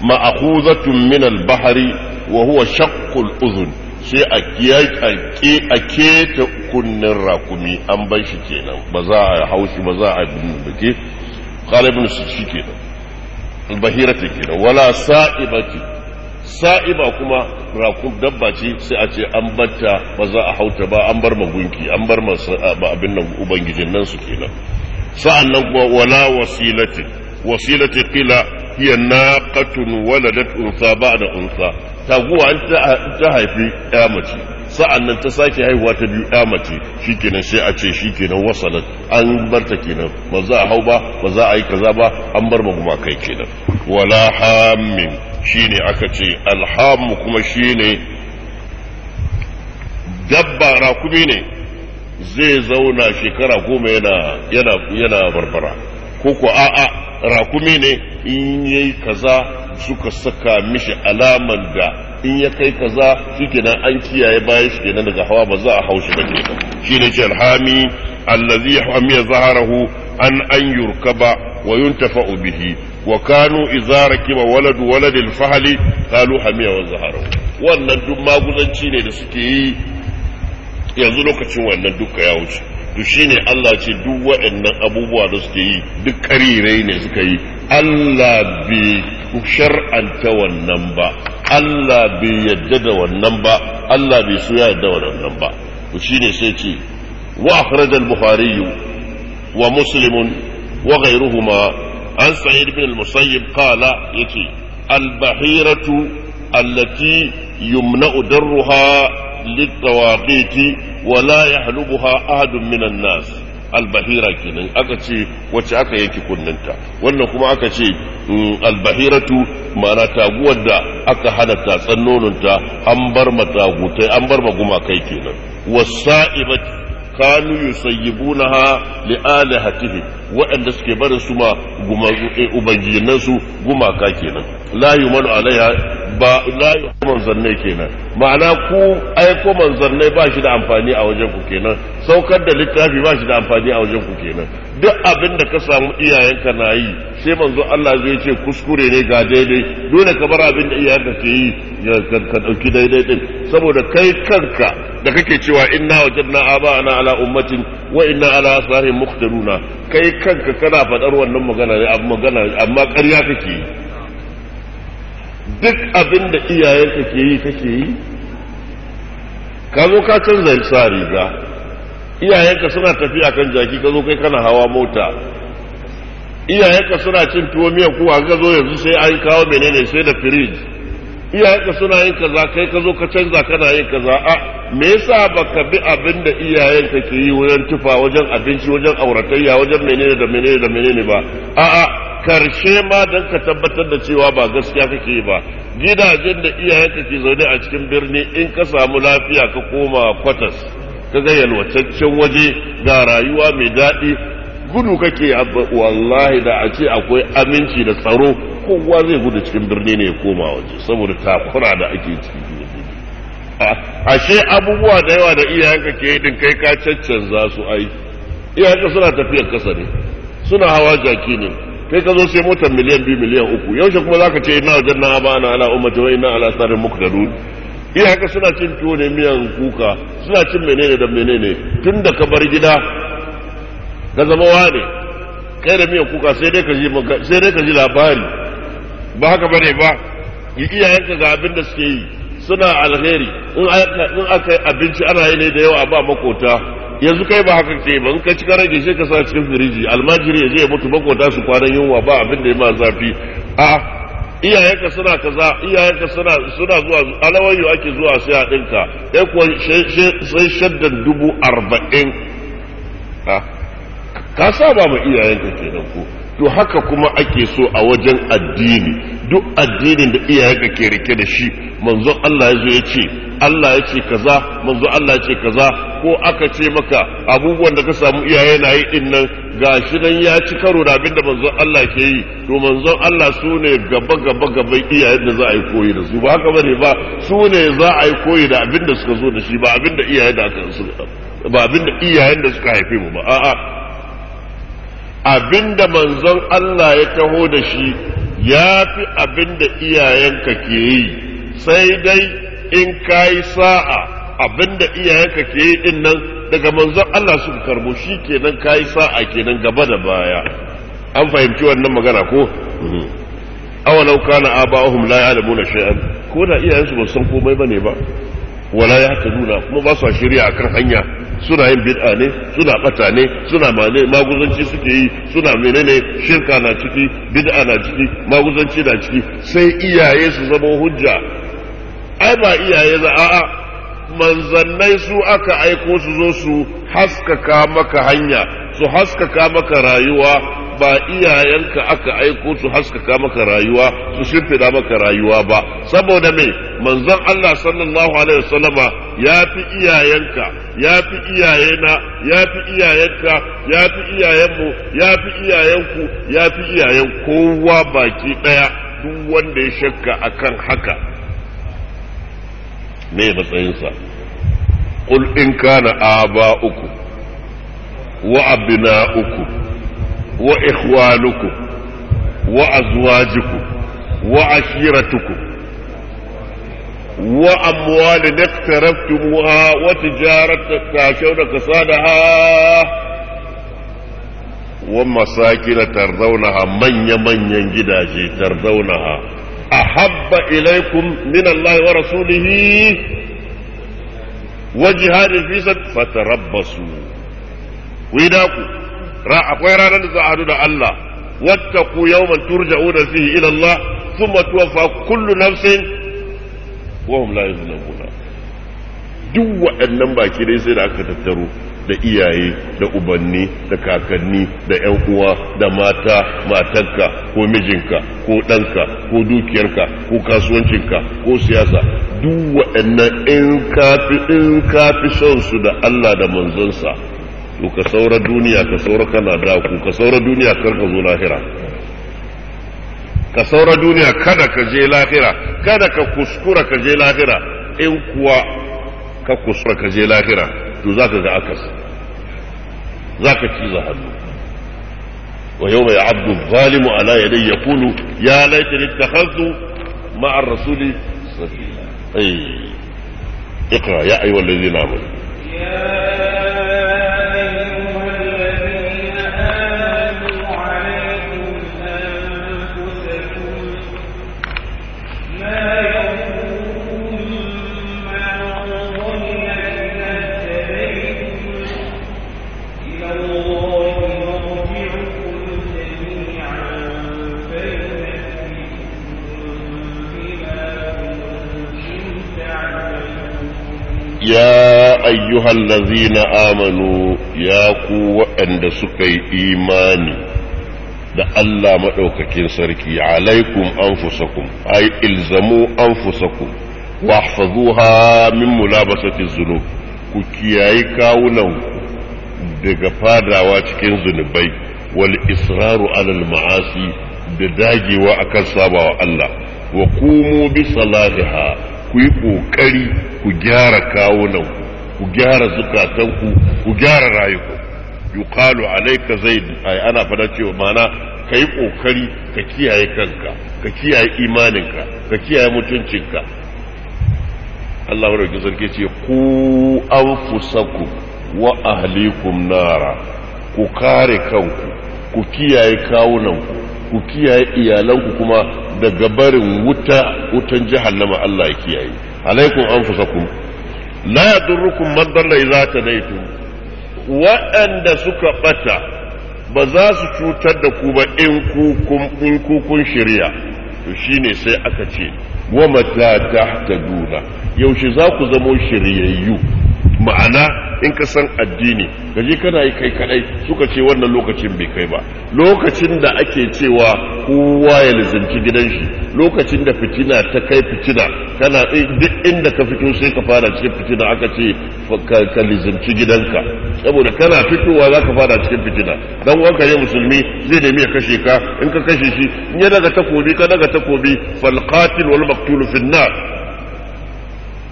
ma'khuzatun min albahri wa huwa shaqqul uzun sai a keta kunnin rakumi an bar shi kenan ba za a haushi ba za a bake galibin su shi kenan ta kenan wala sa'ibati sa'iba kuma rakum dabba ce sai a ce an batta ba za a hauta ba an bar magunki an bar abin nan ubangijin nan su kenan sa'an nan kuma wala wasilati wasilati qila hiya naqatun waladat unsa ba'da unsa taguwa ta haifi ya mace sa'an nan ta sake haihuwa ta biyu ya mace shi kenan sai a ce shi kenan wasalan an bar ta kenan ba za a hau ba ba za a yi kaza ba an bar ma gumakai kenan wala shi ne aka ce alhamu kuma shi ne dabba rakumi ne zai zauna shekara goma yana barbara ko ko a'a rakumi ne in yayi kaza suka saka mishi alaman da in ya kai kaza shikenan an kiyaye baya bayan shikenan daga hawa ba za a haushi ba Shi shine ce alhami allazi yahmi zaharahu an an yurkaba wa yuntafa bihi wa kanu idza rakiba waladu waladil fahli qalu hamiya wa zaharahu wannan duk maguzanci ne da suke yi yanzu lokacin wannan duka ya wuce to shine Allah ce duk waɗannan abubuwa da suke yi duk karirai ne suka yi Allah bai shar'anta wannan ba Allah bai yadda da wannan ba Allah bai so ya yadda wannan ba to shine sai ce wa akhraj al-bukhari wa muslim wa ghayruhuma an sa'id ibn al-musayyib qala yace al-bahiratu allati yumna'u darruha للطواقيت ولا يحلبها أحد من الناس albahira kenan aka ce wacce aka yanki kunninta wannan kuma aka ce albahiratu mana taguwar da aka hana tatsan nononta an bar ma tagutai an bar ma gumakai kenan wasa'ibat kanu yusayyibunaha li alihatihi waɗanda suke barin su ma eh, ubanginan su gumaka kenan la yumanu alaiha ba la zanne kenan ma'ana ku aiko manzanne ba shi da amfani a wajen ku kenan saukar da littafi ba shi da amfani a wajen ku kenan duk abin da ka samu iyayenka na yi sai manzo Allah zai ce kuskure ne ga daidai dole ka bar abin da iyayenka ke yi ka dauki daidai din saboda kai kanka da kake cewa inna wajadna aba'ana ala ummatin wa inna ala asarihim muqtaduna kai kanka kana fadar wannan magana ne amma magana amma ƙarya kake yi duk abin da iyayenka ke yi kake yi ka ka canza sa riga iyayenka suna tafiya kan jaki ka zo kai kana hawa mota iyayenka suna cin tuwo miyan kuwa ka zo yanzu sai an kawo menene sai da firij iyayenka suna yin kaza kai ka zo ka canza kana yin kaza a me yasa baka bi abin da iyayenka ke yi wajen tufa wajen abinci wajen auratayya wajen menene da menene da menene ba a'a karshe ma don ka tabbatar da cewa ba gaskiya kake yi ba gidajen da iyayenka ke zaune a cikin birni in ka samu lafiya ka koma kwatas ka ga yalwataccen waje ga rayuwa mai daɗi gudu kake wallahi da a ce akwai aminci da tsaro kowa zai gudu cikin birni ne ya koma waje saboda takura da ake ciki ah, ashe abubuwa da yawa da iyayenka ke din kai ka za su ai iyayenka suna tafiyar kasa ne suna hawa jaki ne kai ka zo sai motar miliyan biyu miliyan uku yaushe kuma za ka ce ina wajen na ba ana ala ummati wa ina ala da muqtadun haka suna cin tuwo ne miyan kuka suna cin menene da menene tun da ka bar gida ka zama wane kai da miyan kuka sai dai ka ji labari ba haka ba ne ba iyayenka ga abin da suke yi suna alheri in aka abinci ana yi ne da yawa ba makota yanzu kai ba haka ke ba in ka ci rage sai ka sa cikin firiji almajiri ya je ya mutu makota su kwanan yunwa ba abin da ya ma zafi a iyayenka suna kaza iyayenka suna suna zuwa alawayo ake zuwa sai a ɗinka ya kuwa sai shaddan dubu arba'in ka saba ma iyayenka kenan ko to haka kuma ake so a wajen addini duk addinin da iyayenka ke rike da shi manzon Allah ya zo ya ce Allah ya ce kaza manzon Allah ya ce kaza ko aka ce maka abubuwan da ka samu iyaye na yi din nan gashi nan ya ci karo da abin da manzon Allah ke yi to manzon Allah su ne gaba gaba gaba iyayen da za a yi koyi da su ba haka bane ba su ne za a yi koyi da abin da suka zo da shi ba abin da iyayen da aka ba abin da iyayen da suka haife mu ba a'a abinda manzon Allah ya taho da shi ya fi abinda iyayenka ke yi sai dai in ka yi sa'a abinda iyayenka ke yi din nan daga manzon Allah su karbo shi kenan ka yi sa'a kenan gaba da baya an fahimci wannan magana ko mhm. awalau kana aba'uhum la ya'lamuna shay'an ko da iyayensu ba san komai bane ba wala ya yahtaduna kuma ba su shirya kan hanya suna yin bid'a ne suna bata ne suna mane maguzanci suke yi suna menene shirka na ciki bid'a na ciki maguzanci na ciki sai iyaye su zama hujja ai ba iyaye za a'a manzannai su aka aiko su zo su haskaka maka hanya su haskaka maka rayuwa ba iyayenka aka aiko su haskaka maka rayuwa su shimfida maka rayuwa ba saboda me manzon Allah sallallahu alaihi wasallama ya fi iyayenka ya fi iyayena ya fi iyayenka ya fi iyayenmu ya fi iyayenku ya fi iyayen kowa baki daya duk wanda ya shakka akan haka me matsayinsa qul in kana aba'uku wa abna'uku wa ikhwanuku wa azwajuku wa ashiratuku wa amwalin iqtaraftumuha wa tijaratan tashawna kasadaha wa masakin tarzaunaha manya-manyan gidaje tarzaunaha أحب إليكم من الله ورسوله وجهاد في سبيل فتربصوا ويداكو را akwai ranar da za a da Allah wattaku yawman turja'una fihi ila Allah thumma tuwaffa kullu nafsin wa hum la yuzlamuna duk waɗannan baki dai sai da aka tattaro da iyaye da ubanni da kakanni da yan uwa da mata matanka ko mijinka ko ɗanka ko dukiyarka ko kasuwancinka ko siyasa duk waɗannan in kafi in kafi son su da Allah da manzonsa to ka saura duniya ka saura kana da ku ka saura duniya kar ka zo lahira ka saura duniya kada ka je lahira kada ka kuskura ka je lahira in kuwa ka kuskura ka je lahira to za ka ga akasi ذاك الشيء حقه ويوم يعض الظالم على يدي يقول يا ليتني اتخذت مع الرسول سبيلا اي اقرا يا ايها الذين امنوا ayyuhal lazina amanu ya ku waɗanda suka yi imani da Allah maɗaukakin sarki alaikum anfusakum ay ilzamu anfusakum wahfazuha min mulabasati zunub ku kiyaye kawunanku daga fadawa cikin zunubai wal israru alal ma'asi da dagewa akan sabawa Allah wa kumu bi salahiha ku yi ƙoƙari ku gyara kawunanku ku gyara zukatanku ku gyara rayuku yuqalu alayka zaid ai ana fada cewa mana kai kokari ka kiyaye kanka ka kiyaye imaninka ka kiyaye mutuncinka Allah wadda sarki ce ku anfusakum wa ahlikum nara ku kare kanku ku kiyaye kawunanku ku kiyaye iyalanku kuma daga barin wuta wutan jahannama Allah ya kiyaye alaikum anfusakum la durrukum man dalla idza wa waɗanda suka bata ba za su cutar da ku ba in ku kun in ku kun shirya to shine sai aka ce wa mata tahtaduna yaushe za ku zamo shiryayyu ma'ana in ka san addini ka kana yi kai kadai suka ce wannan lokacin bai kai ba lokacin da ake cewa kowa ya lizanci gidan shi lokacin da fitina ta kai fitina kana eh, duk inda ka fito sai ka fara cikin fitina aka ce ka lizanci gidanka saboda kana fitowa za ka fara cikin fitina dan wanka ne musulmi zai nemi ya kashe ka in ka kashe shi in ya daga takobi ka daga takobi falqatil wal maqtul fi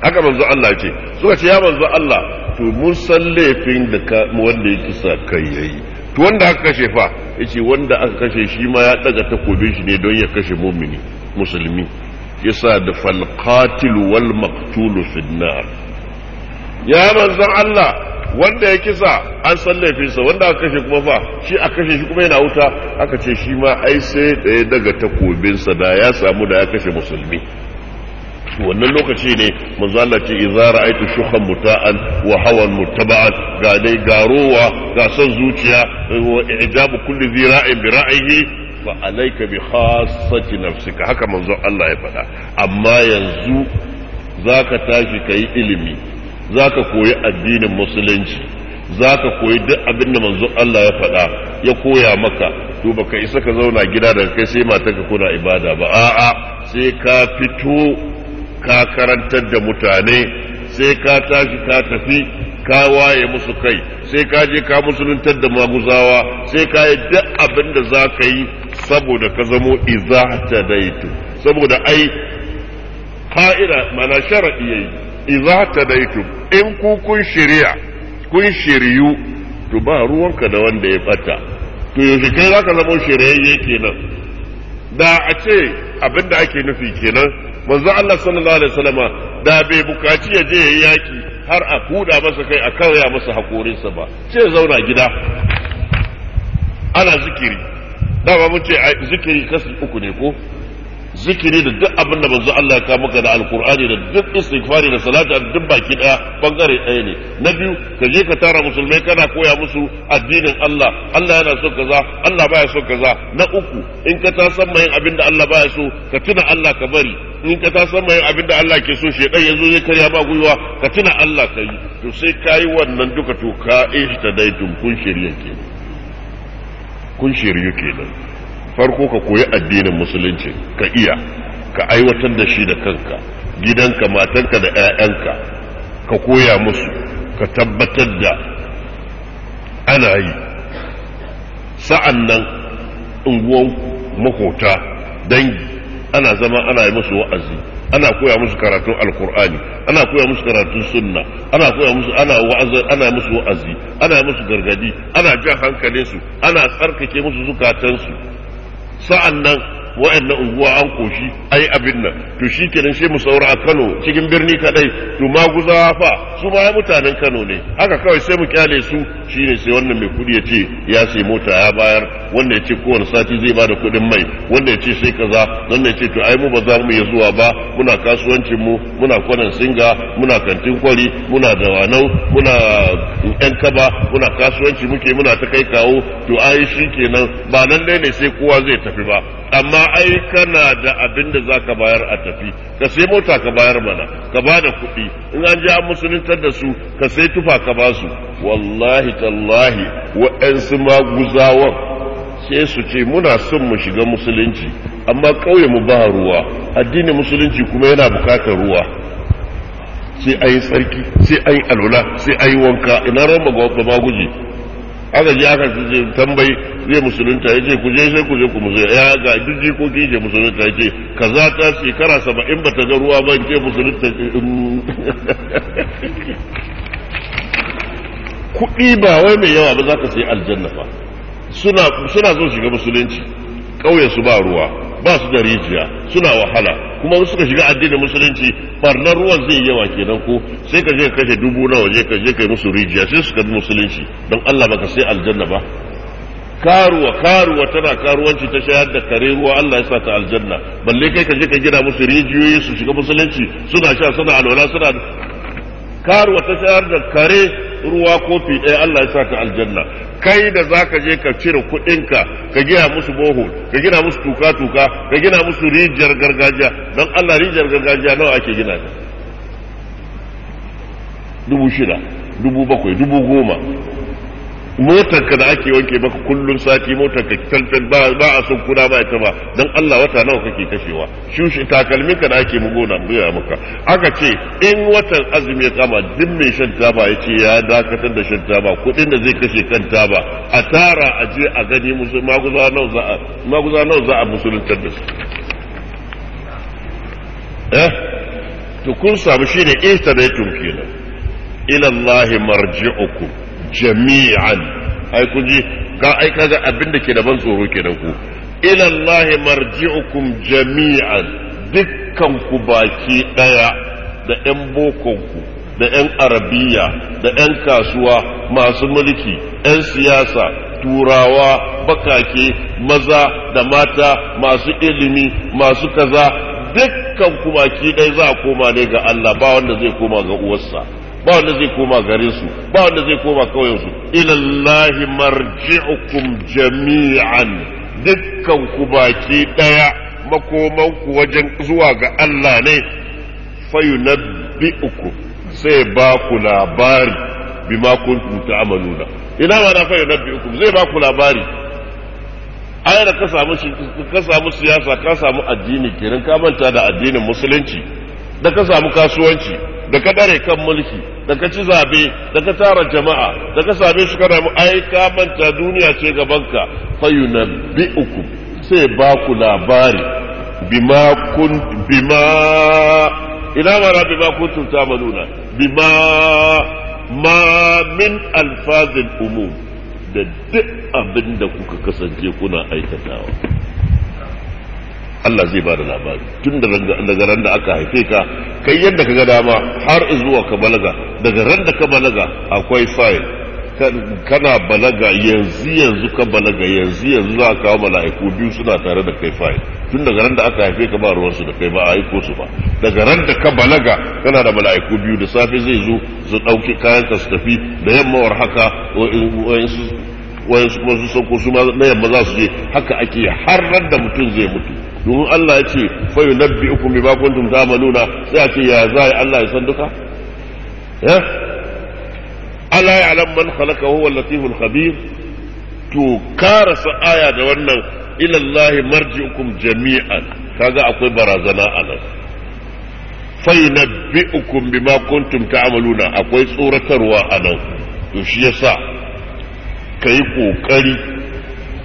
haka manzo Allah ce suka ce ya manzo Allah to mun san laifin da ka wanda ya kisa kai yayi to wanda aka kashe fa yace wanda aka kashe shi ma ya daga takobin shi ne don ya kashe mumini musulmi yasa da fal qatil wal maqtul fi nar ya manzo Allah wanda ya kisa an san laifin sa wanda aka kashe kuma fa shi aka kashe shi kuma yana wuta aka ce shi ma ai sai da ya takobin sa da ya samu da ya kashe musulmi wannan lokaci ne manzo Allah ce idza ra'aytu shukhan muta'an wa hawan muttaba'an ga dai garowa ga son zuciya wa ijabu kulli dhi ra'in bi ra'yihi fa alayka bi khassati nafsika haka manzo Allah ya faɗa amma yanzu zaka tashi kai ilimi zaka koyi addinin musulunci zaka koyi duk abin da manzo Allah ya faɗa ya koya maka to baka isa ka zauna gida daga kai sai matarka kuna ibada ba a'a sai ka fito ka karantar da mutane sai ka tashi ka tafi ka waye musu kai sai ka je ka musuluntar da maguzawa sai ka yi duk abin da za ka yi saboda ka zamo ta daitu saboda ai fa'ida mana sharaɗi iza ta daitu in ku kun shirya kun shiryu to ba ruwanka da wanda ya bata to yaushe kai za ka zama shiryayye kenan da a ce abin da ake nufi kenan manzo Allah sallallahu alaihi wasallama da bai bukaci ya je yayi yaki har a kuda masa kai a kauya masa hakorinsa ba ce zauna gida ana zikiri ba mun ce zikiri kasu uku ne ko zikiri da duk abin da manzo Allah ya ka maka da alkur'ani da duk istighfari da salatu da duk baki daya bangare ɗaya ne na biyu ka je ka tara musulmai kana koya musu addinin Allah Allah yana so kaza Allah baya so kaza na uku in ka ta san mai abin da Allah baya so ka tuna Allah ka bari in ka ta san mai abin da Allah ke so shedan yazo zai karya ba gwiwa ka tuna Allah ka yi to sai kai wannan duka to ka dai tun kun shirye kenan kun shirye kenan farko ka koyi addinin musulunci ka iya ka aiwatar da shi da kanka gidanka matanka da 'ya'yanka ka koya musu ka tabbatar da ana yi sa'an nan unguwan makota dangi ana zama ana yi musu wa'azi ana koya musu karatun alkur'ani ana koya musu karatun sunna ana koya musu ana wa'azi ana musu wa'azi ana musu gargadi ana jan hankalinsu ana tsarkake musu zukatansu 是安能？wa'annan unguwa an koshi ai abin nan to shi kenan shi mu saura a Kano cikin birni kadai to maguzawa fa su ma mutanen Kano ne haka kawai sai mu kyale su shine sai wannan mai kudi ya ce ya sai mota ya bayar wanda ya ce kowane sati zai bada kudin mai wanda ya ce sai kaza wanda ya ce to ai mu ba za mu iya zuwa ba muna kasuwancin mu muna kwanan singa muna kantin kwari muna dawanau muna yan kaba muna kasuwanci muke muna ta kai kawo to ai shi kenan ba nan ne sai kowa zai tafi ba amma ai kana da abin da ka bayar a tafi ka sai mota ka bayar mana ka ba da kuɗi in an ji an musuluntar da su ka sai tufa ka ba su wallahi tallahi ma maguzawan sai su ce muna son mu shiga musulunci amma ƙauye mu ba ruwa addinin musulunci kuma yana bukatar ruwa sai an yi sai an yi alula sai an wanka ina ran guji? aka je aka tambayi zai musulunta ya ce ku je sai ku je ku musulunta ya ga duk jikoki je musulunta ya ce ka za ta shekara saba'in ba ta ga ruwa ba ke musulunta kuɗi ba wai mai yawa ba za ka sai aljanna fa suna so shiga musulunci Ƙauyen su ba ruwa ba su da rijiya suna wahala kuma suka shiga addinin musulunci barnar ruwan zai yawa kenan ko sai ka je ka kashe dubu na waje ka je kai musu rijiya sai suka bi musulunci don Allah baka sai aljanna ba karuwa karuwa tana karuwanci ta shayar da kare ruwa Allah ya sa ta aljanna balle kai ka je ka gina musu rijiyoyi su shiga musulunci suna sha suna alwala suna karuwa ta shayar da kare ruwa kofi ɗaya Allah ya sa ka aljanna kai da za ka je ka cire kuɗinka ka gina musu boho ka gina musu tuka-tuka ka gina musu rijiyar gargajiya don Allah rijiyar gargajiya nawa ake gina ta dubu shida dubu bakwai dubu goma motar ka da ake wanke maka kullun sati motar ka tantan ba a son kuna ba ita ba dan Allah wata nawa kake kashewa shushi takalmin ka da ake mu ya maka aka ce in watan azumi ya kama duk mai shan taba ya ce ya dakatar da shan taba kuɗin da zai kashe kan taba a tara a je a gani musu maguza nawa za a maguza nawa musuluntar da su eh to kun samu shine yake kenan ila Allah marji'ukum jami'an ai kun ji ga ai kaga abin da ke da ban tsoro kenan ku ila Allah marji'ukum jami'an dukkan ku baki daya da yan bokon ku da yan arabiya da yan kasuwa masu mulki yan siyasa turawa bakake maza da mata masu ilimi masu kaza dukkan ku baki dai za a koma ne ga Allah ba wanda zai koma ga uwarsa ba wanda zai koma gare su ba wanda zai koma kauyen su ilallahi marji'ukum jami'an dukkan ku baki daya makoman ku wajen zuwa ga Allah ne fayunabbi'ukum sai ba ku labari bima kuntum ta'maluna ina ma na fayunabbi'ukum zai ba ku labari ai da ka samu ka samu siyasa ka samu addini kiran ka manta da addinin musulunci da ka samu kasuwanci da ka dare kan mulki da ka ci zabe da ka tara jama'a da ka same shi kana mu ai ka manta duniya ce gabanka uku sai ba ku labari bima kun bima ila mara bima tuta maluna bima ma min alfazil umum da duk abin da kuka kasance kuna aikatawa Allah zai ba da labari tun daga ran da aka haife ka kai yadda ka ga dama har zuwa ka balaga daga ran da ka balaga akwai fayil kana balaga yanzu yanzu ka balaga yanzu yanzu za ka kawo mala'iku biyu suna tare da kai fayil tun daga ran da aka haife ka ba ruwansu da kai ba a aiko su ba daga ran da ka balaga kana da mala'iku biyu da safe zai zo su ɗauki kayan ka su tafi da yammawar haka wayansu kuma su sauko su na yamma za su je haka ake har ran da mutum zai mutu domin Allah ya ce fa yunabbi'ukum tun ta maluna sai a ce ya zai Allah ya san duka ya Allah ya alam man huwa latiful khabir to karasa aya da wannan ilallahi marji marji'ukum jami'an kaga akwai barazana a nan na bi yunabbi'ukum bima kuntum ta'maluna akwai tsoratarwa a nan to shi yasa kai kokari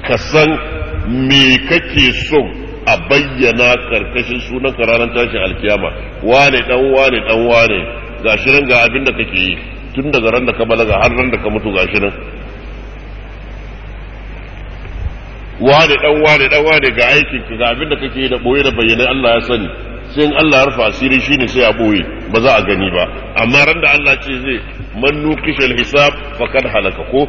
ka san me kake so a bayyana karkashin sunan ranar tashin alkiyama wane dan wane dan wane ga shirin ga abin da kake yi tun daga ran da ka balaga har ran da ka mutu ga shirin wane dan wane dan wane ga aikin ga abin da kake yi da boye da bayyana Allah ya sani sai in Allah ya rufa asiri shine sai a boye ba za a gani ba amma ran da Allah ce zai man nukishal hisab faqad halaka ko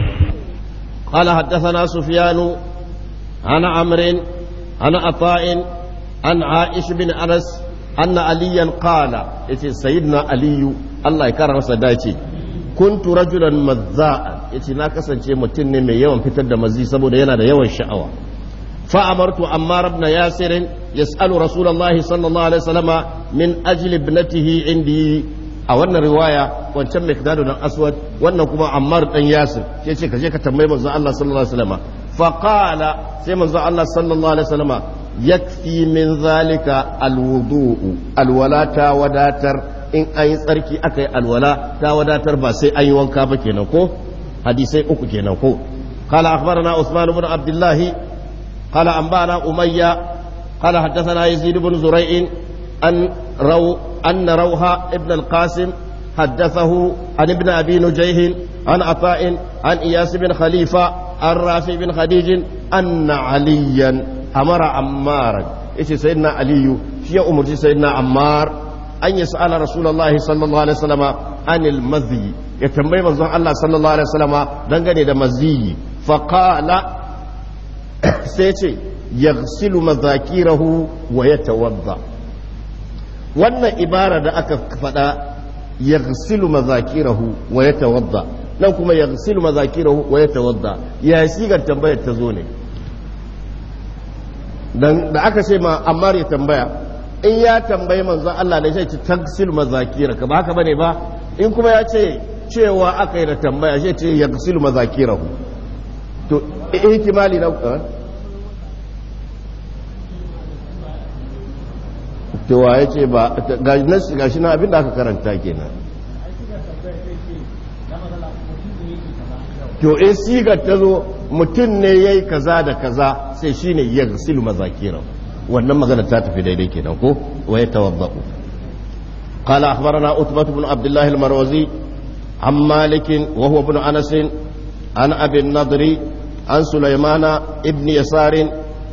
قال حدثنا سفيان عن عمرو عن عطاء عن عائش بن أنس أن عليا قال إتي سيدنا علي الله يكرم سداتي كنت رجلا مذاء إتي ناكسا شيء متن من يوم فتد مزي سبود ينا دا يوم الشعوى فأمرت عمار بن ياسر يسأل رسول الله صلى الله عليه وسلم من أجل ابنته عندي a wannan riwaya wancan mai kadadu nan aswad wannan kuma ammar dan yasir ya ce kaje ka tambayi manzo Allah sallallahu alaihi wasallam fa qala sai manzo Allah sallallahu alaihi wasallam yakfi min zalika alwudu alwala ta wadatar in an yi tsarki aka yi alwala ta wadatar ba sai an yi wanka ba kenan ko hadisai uku kenan ko قال أخبرنا عثمان بن عبد الله قال أنبأنا أمية قال حدثنا يزيد بن زريع أن رو أن روها ابن القاسم حدثه عن ابن أبي نجيه عن عطاء عن إياس بن خليفة عن رافي بن خديج أن عليا أمر عمارا إيش سيدنا علي شيء أمر سيدنا عمار أن يسأل رسول الله صلى الله عليه وسلم عن المذي يتنبي منزون الله صلى الله عليه وسلم دنغني دا مزي فقال سيتي يغسل مذاكيره ويتوضأ wannan ibara da aka faɗa gusilu mazakirahu wa tawadda nan kuma ya gusilu mazakirahu wa tawadda ya sigar tambayar ta zo ne da aka ce ma amma ya tambaya in ya tambayi manzon Allah ne shi ta gusilu mazakira ka ba haka bane ba in kuma ya ce cewa aka yi da tambaya shi ce gusilu mazakirahu to ihtimali na eh? cewa ya ce ba na abin da aka karanta kenan to in sigar ta zo mutum ne ya yi kaza da kaza sai shi ne ya silu mazakiran wannan magana ta tafi daidai kenan ko wa ya tawazza'u قال أخبرنا أتبة بن عبد الله المروزي عن مالك وهو ابن أنس عن أبي النضر عن سليمان ابن يسار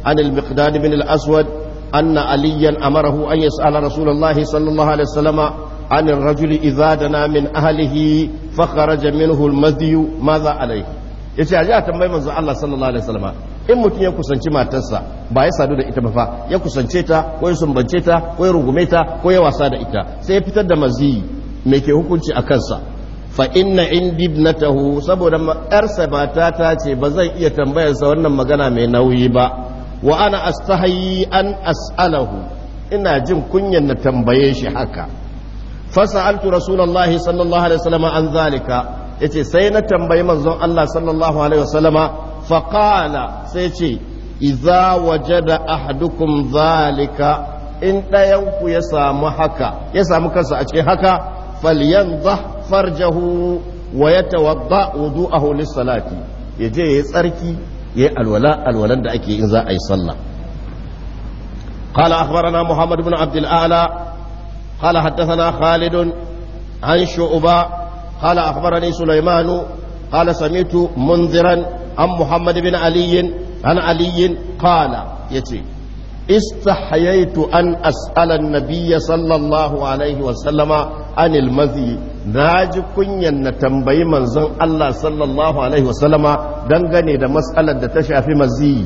عن المقداد بن الأسود أن عليا أمره أن يسأل رسول الله صلى الله عليه وسلم عن الرجل إذا دنا من أهله فخرج منه المذي ماذا عليه yace a a tambayi manzo Allah sallallahu alaihi wasallam in mutum ya kusanci matarsa ba ya sadu da ita ba fa ya kusance ta ko ya sumbance ta ko ya rungume ta ko ya wasa da ita sai ya fitar da mazi me ke hukunci a kansa fa inna indi ibnatahu saboda yarsa ba ta ce ba zan iya tambayar sa wannan magana mai nauyi ba wa ana astahayi an as'alahu ina jin kunyan na tambaye shi haka fasa'altu rasulullahi sallallahu alaihi wasallam an zalika yace sai na tambayi manzon Allah sallallahu alaihi wasallama faqala sai ce idza wajada ahadukum zalika in ɗayan ku ya samu haka ya samu kansa a cikin haka falyanzah farjahu wa yatawadda wudu'ahu lis-salati yaje ya tsarki yayi alwala alwalan da ake in za a yi sallah قال أخبرنا محمد بن عبد الأعلى قال حدثنا خالد عن شعبة قال أخبرني سليمان قال سمعت منذرا عن محمد بن علي عن علي قال يتي استحييت أن أسأل النبي صلى الله عليه وسلم عن المذي na كنيا نتنبي من زن الله صلى الله عليه وسلم دنغني دا مسألة دا تشافي مزي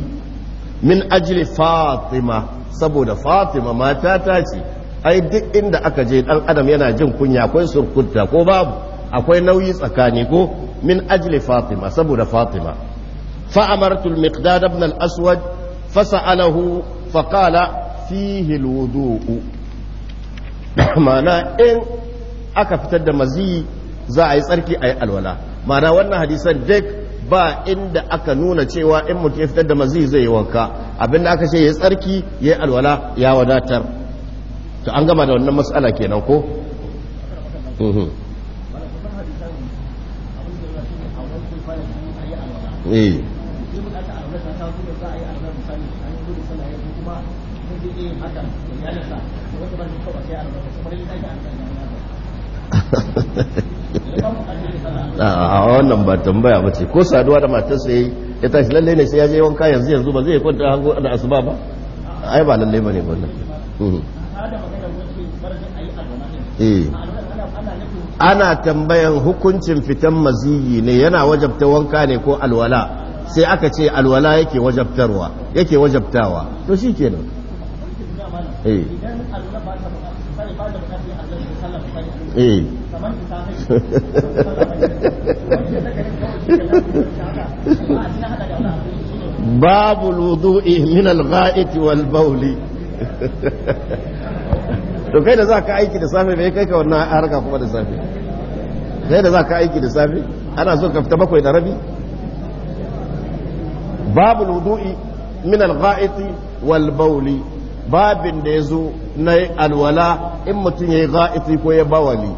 من أجل فاطمة سبو دا فاطمة ما تاتاتي ai duk inda aka je dan adam yana jin kunya akwai surkuta ko babu akwai nauyi tsakani ko min ajli fatima saboda fatima fa amartu al-miqdad ibn al-aswad fa faƙala fihi alwudu'u ma'ana in aka fitar da maziyi za a yi tsarki a yi alwala ma'ana wannan hadisan duk ba inda aka nuna cewa in mutum ya fitar da mazi zai yi wanka abinda aka ce ya yi tsarki ya yi alwala ya wadatar to an gama da wannan matsala kenan ko a wannan ba tambaya ba ce ko saduwa da matarsa yayi ya tashi lalle ne sai ya je wanka yanzu yanzu ba zai kwanta hango da asuba ba ai ba lalle ba. nan hmm. eh. ana tambayan hukuncin fitan maziyi ne yana wajabta wanka ne ko alwala sai aka ce alwala yake wajabtarwa yake wajabtawa to kenan باب الوضوء من الغائط والبول to kai da za ka aiki da safe mai kai ka wannan harka kuma da safe kai da za ka aiki da safe ana so ka fita bakwai da rabi babu wudu'i min al-gha'iti wal bawli babin da ya zo na alwala in mutum ya yi ga'ifi ko ya bawali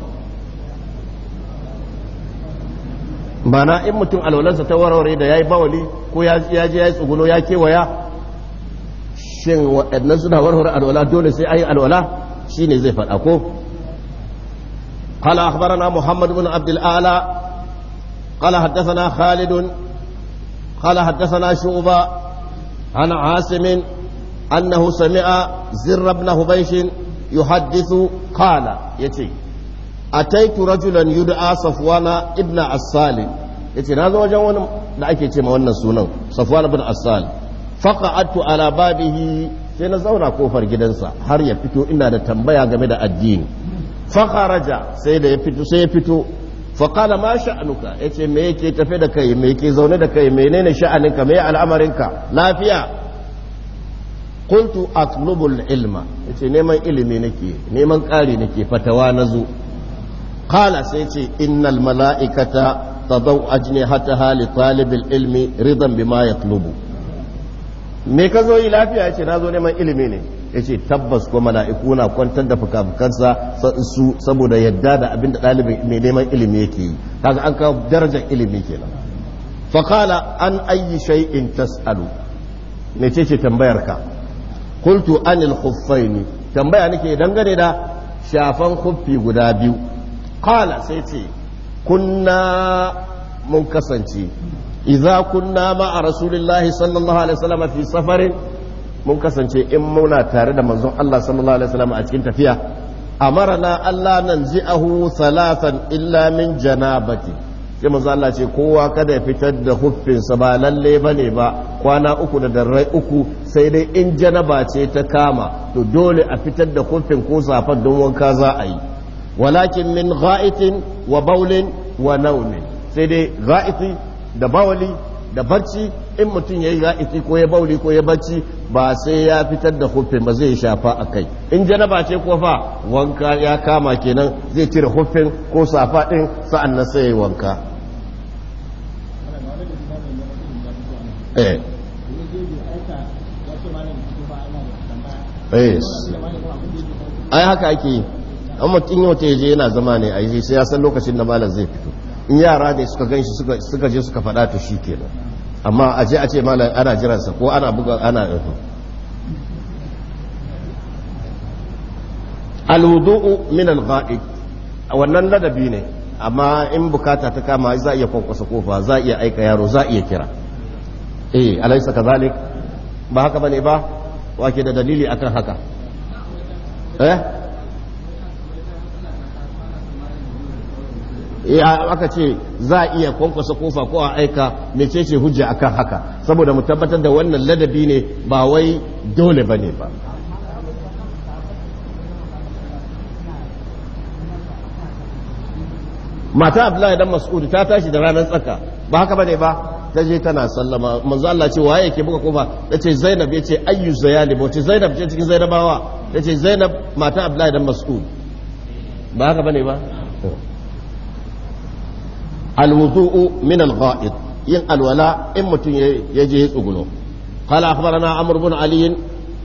mana in mutum alwalansa ta warware da ya yi bawali ko ya je ya yi tsuguno ya kewaya shin waɗannan suna warware alwala dole sai a yi alwala shi ne zai faɗa ko قال أخبرنا محمد بن عبد الأعلى قال حدثنا خالد قال حدثنا شعبة عن عاصم أنه سمع زر بن هبيش يحدث قال يتي أتيت رجلا يدعى صفوان ابن الصالح يتي هذا وجه وانا دعك يتي ما وانا سونا صفوان ابن الصالح فقعدت على بابه sai na zauna kofar gidansa har ya fito ina da tambaya game da addini fakharaja sai da ya fito sai ya fito faqala ma sha'anuka yace me yake tafe da kai me yake zaune da kai menene sha'aninka me al'amarinka lafiya kuntu atlubul ilma yace neman ilimi nake neman ƙari nake fatawa nazo qala sai yace innal mala'ikata tadaw ajnihataha li talibil ilmi ridan bima yatlubu me ka zo yi lafiya yace nazo neman ilimi ne yace tabbas ko mala'iku na kwantar da fukafukansa su saboda yadda da abin da ɗalibin mai neman ilimi yake yi kaga an kawo darajar ilimi kenan fa qala an ayyi shay'in tas'alu ce tambayar ka kultu anil khuffaini tambaya nake dangane da shafan khuffi guda biyu qala sai ce kunna mun kasance idza kunna a rasulullahi sallallahu alaihi wasallam fi safarin mun kasance in muna tare da manzon Allah sallallahu alaihi wasallam a cikin tafiya na Allah nan ji'ahu salatan illa min janabati sai manzo Allah ce kowa kada ya fitar da huffinsa ba lalle ne ba kwana uku da darrai uku sai dai in janaba ce ta kama to dole a fitar da huffin ko safar don wanka za a yi walakin min gha'itin wa baulin wa naumin sai dai ga'iti da bawali da barci in mutum ya yi ra'iti ko ya bauli ko ya barci ba sai ya fitar da huffin ba zai shafa a kai in janaba ce ko fa wanka ya kama kenan zai cire huffin ko safa ɗin sa'an na sai wanka Eh. ai haka ake yi an mutum yau ta je yana zama ne a yi sai ya san lokacin da malam zai fito in yara ne suka gan shi suka je suka faɗa to shi kenan amma a je a ce malam ana jiransa ko ana buga ana alwudu'u min al wannan ladabi ne amma in bukata ta kama za a iya kwakwasa kofa za iya aika yaro za iya kira eh alaysa kazalik ba haka bane ba wake da dalili akan haka eh ya eh, aka ce za a iya kwankwasa kofa ko a aika mecece hujja akan haka saboda mu tabbatar da wannan ladabi ne ba wai dole ba ne ba mata abdullahi dan mas'ud ta tashi da ranar tsaka ba haka bane ba ta je tana sallama manzo Allah ce waye yake buga kofa tace Zainab yace ayyu zayali bace Zainab ce cikin Zainabawa tace Zainab mata Abdullahi dan Mas'ud ba haka bane ba alwudu'u min algha'id yin alwala in mutum ya je ya tsugulo قال أخبرنا عمرو بن علي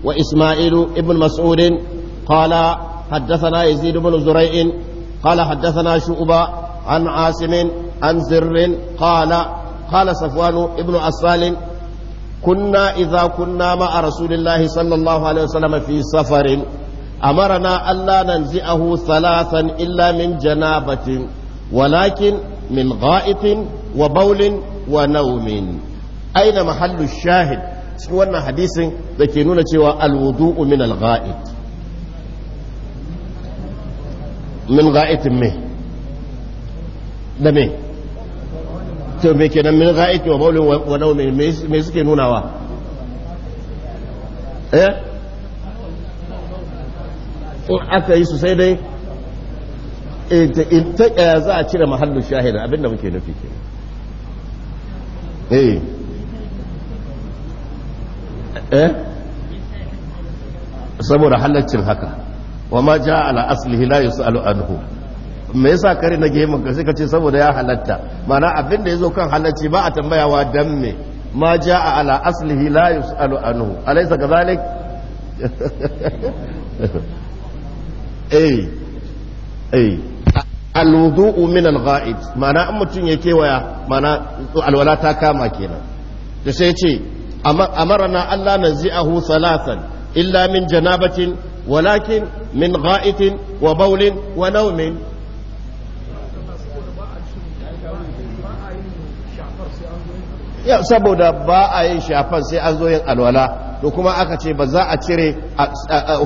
وإسماعيل ابن مسعود قال حدثنا يزيد بن زريع قال حدثنا شعبة عن عاصم عن زر قال قال صفوان ابن عسال كنا إذا كنا مع رسول الله صلى الله عليه وسلم في سفر أمرنا ألا ننزئه ثلاثا إلا من جنابة ولكن من غائط وبول ونوم أين محل الشاهد سوى حديث ذكينون سوى الوضوء من الغائط من غائط مه ده مه to me kenan min ga'ik wa bawlin wa naumin me suke nunawa eh to aka yi su sai dai in ta za a cire mahallin shahida abinda muke nufi ke eh eh saboda halaccin haka wa ma ja ala aslihi la yus'alu anhu me yasa kare na gemu ka sai ka ce saboda ya halatta mana abin da zo kan halacci ba a tambayawa dan me ma ja a ala aslihi la yusalu anhu alaysa kadhalik eh eh alwudu'u min alghaid mana an mutun ya kewaya mana alwala ta kama kenan da sai ce amarna Allah nazi'ahu salasan illa min janabatin walakin min gha'itin wa bawlin wa nawmin saboda ba a yin shafan sai an zo yin alwala to kuma aka ce ba za a cire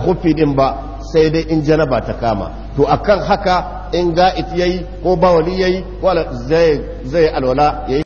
hufi din ba sai dai in jana ba ta kama to akan haka in ga'it yayi ko bawali yayi wala zai alwala yayi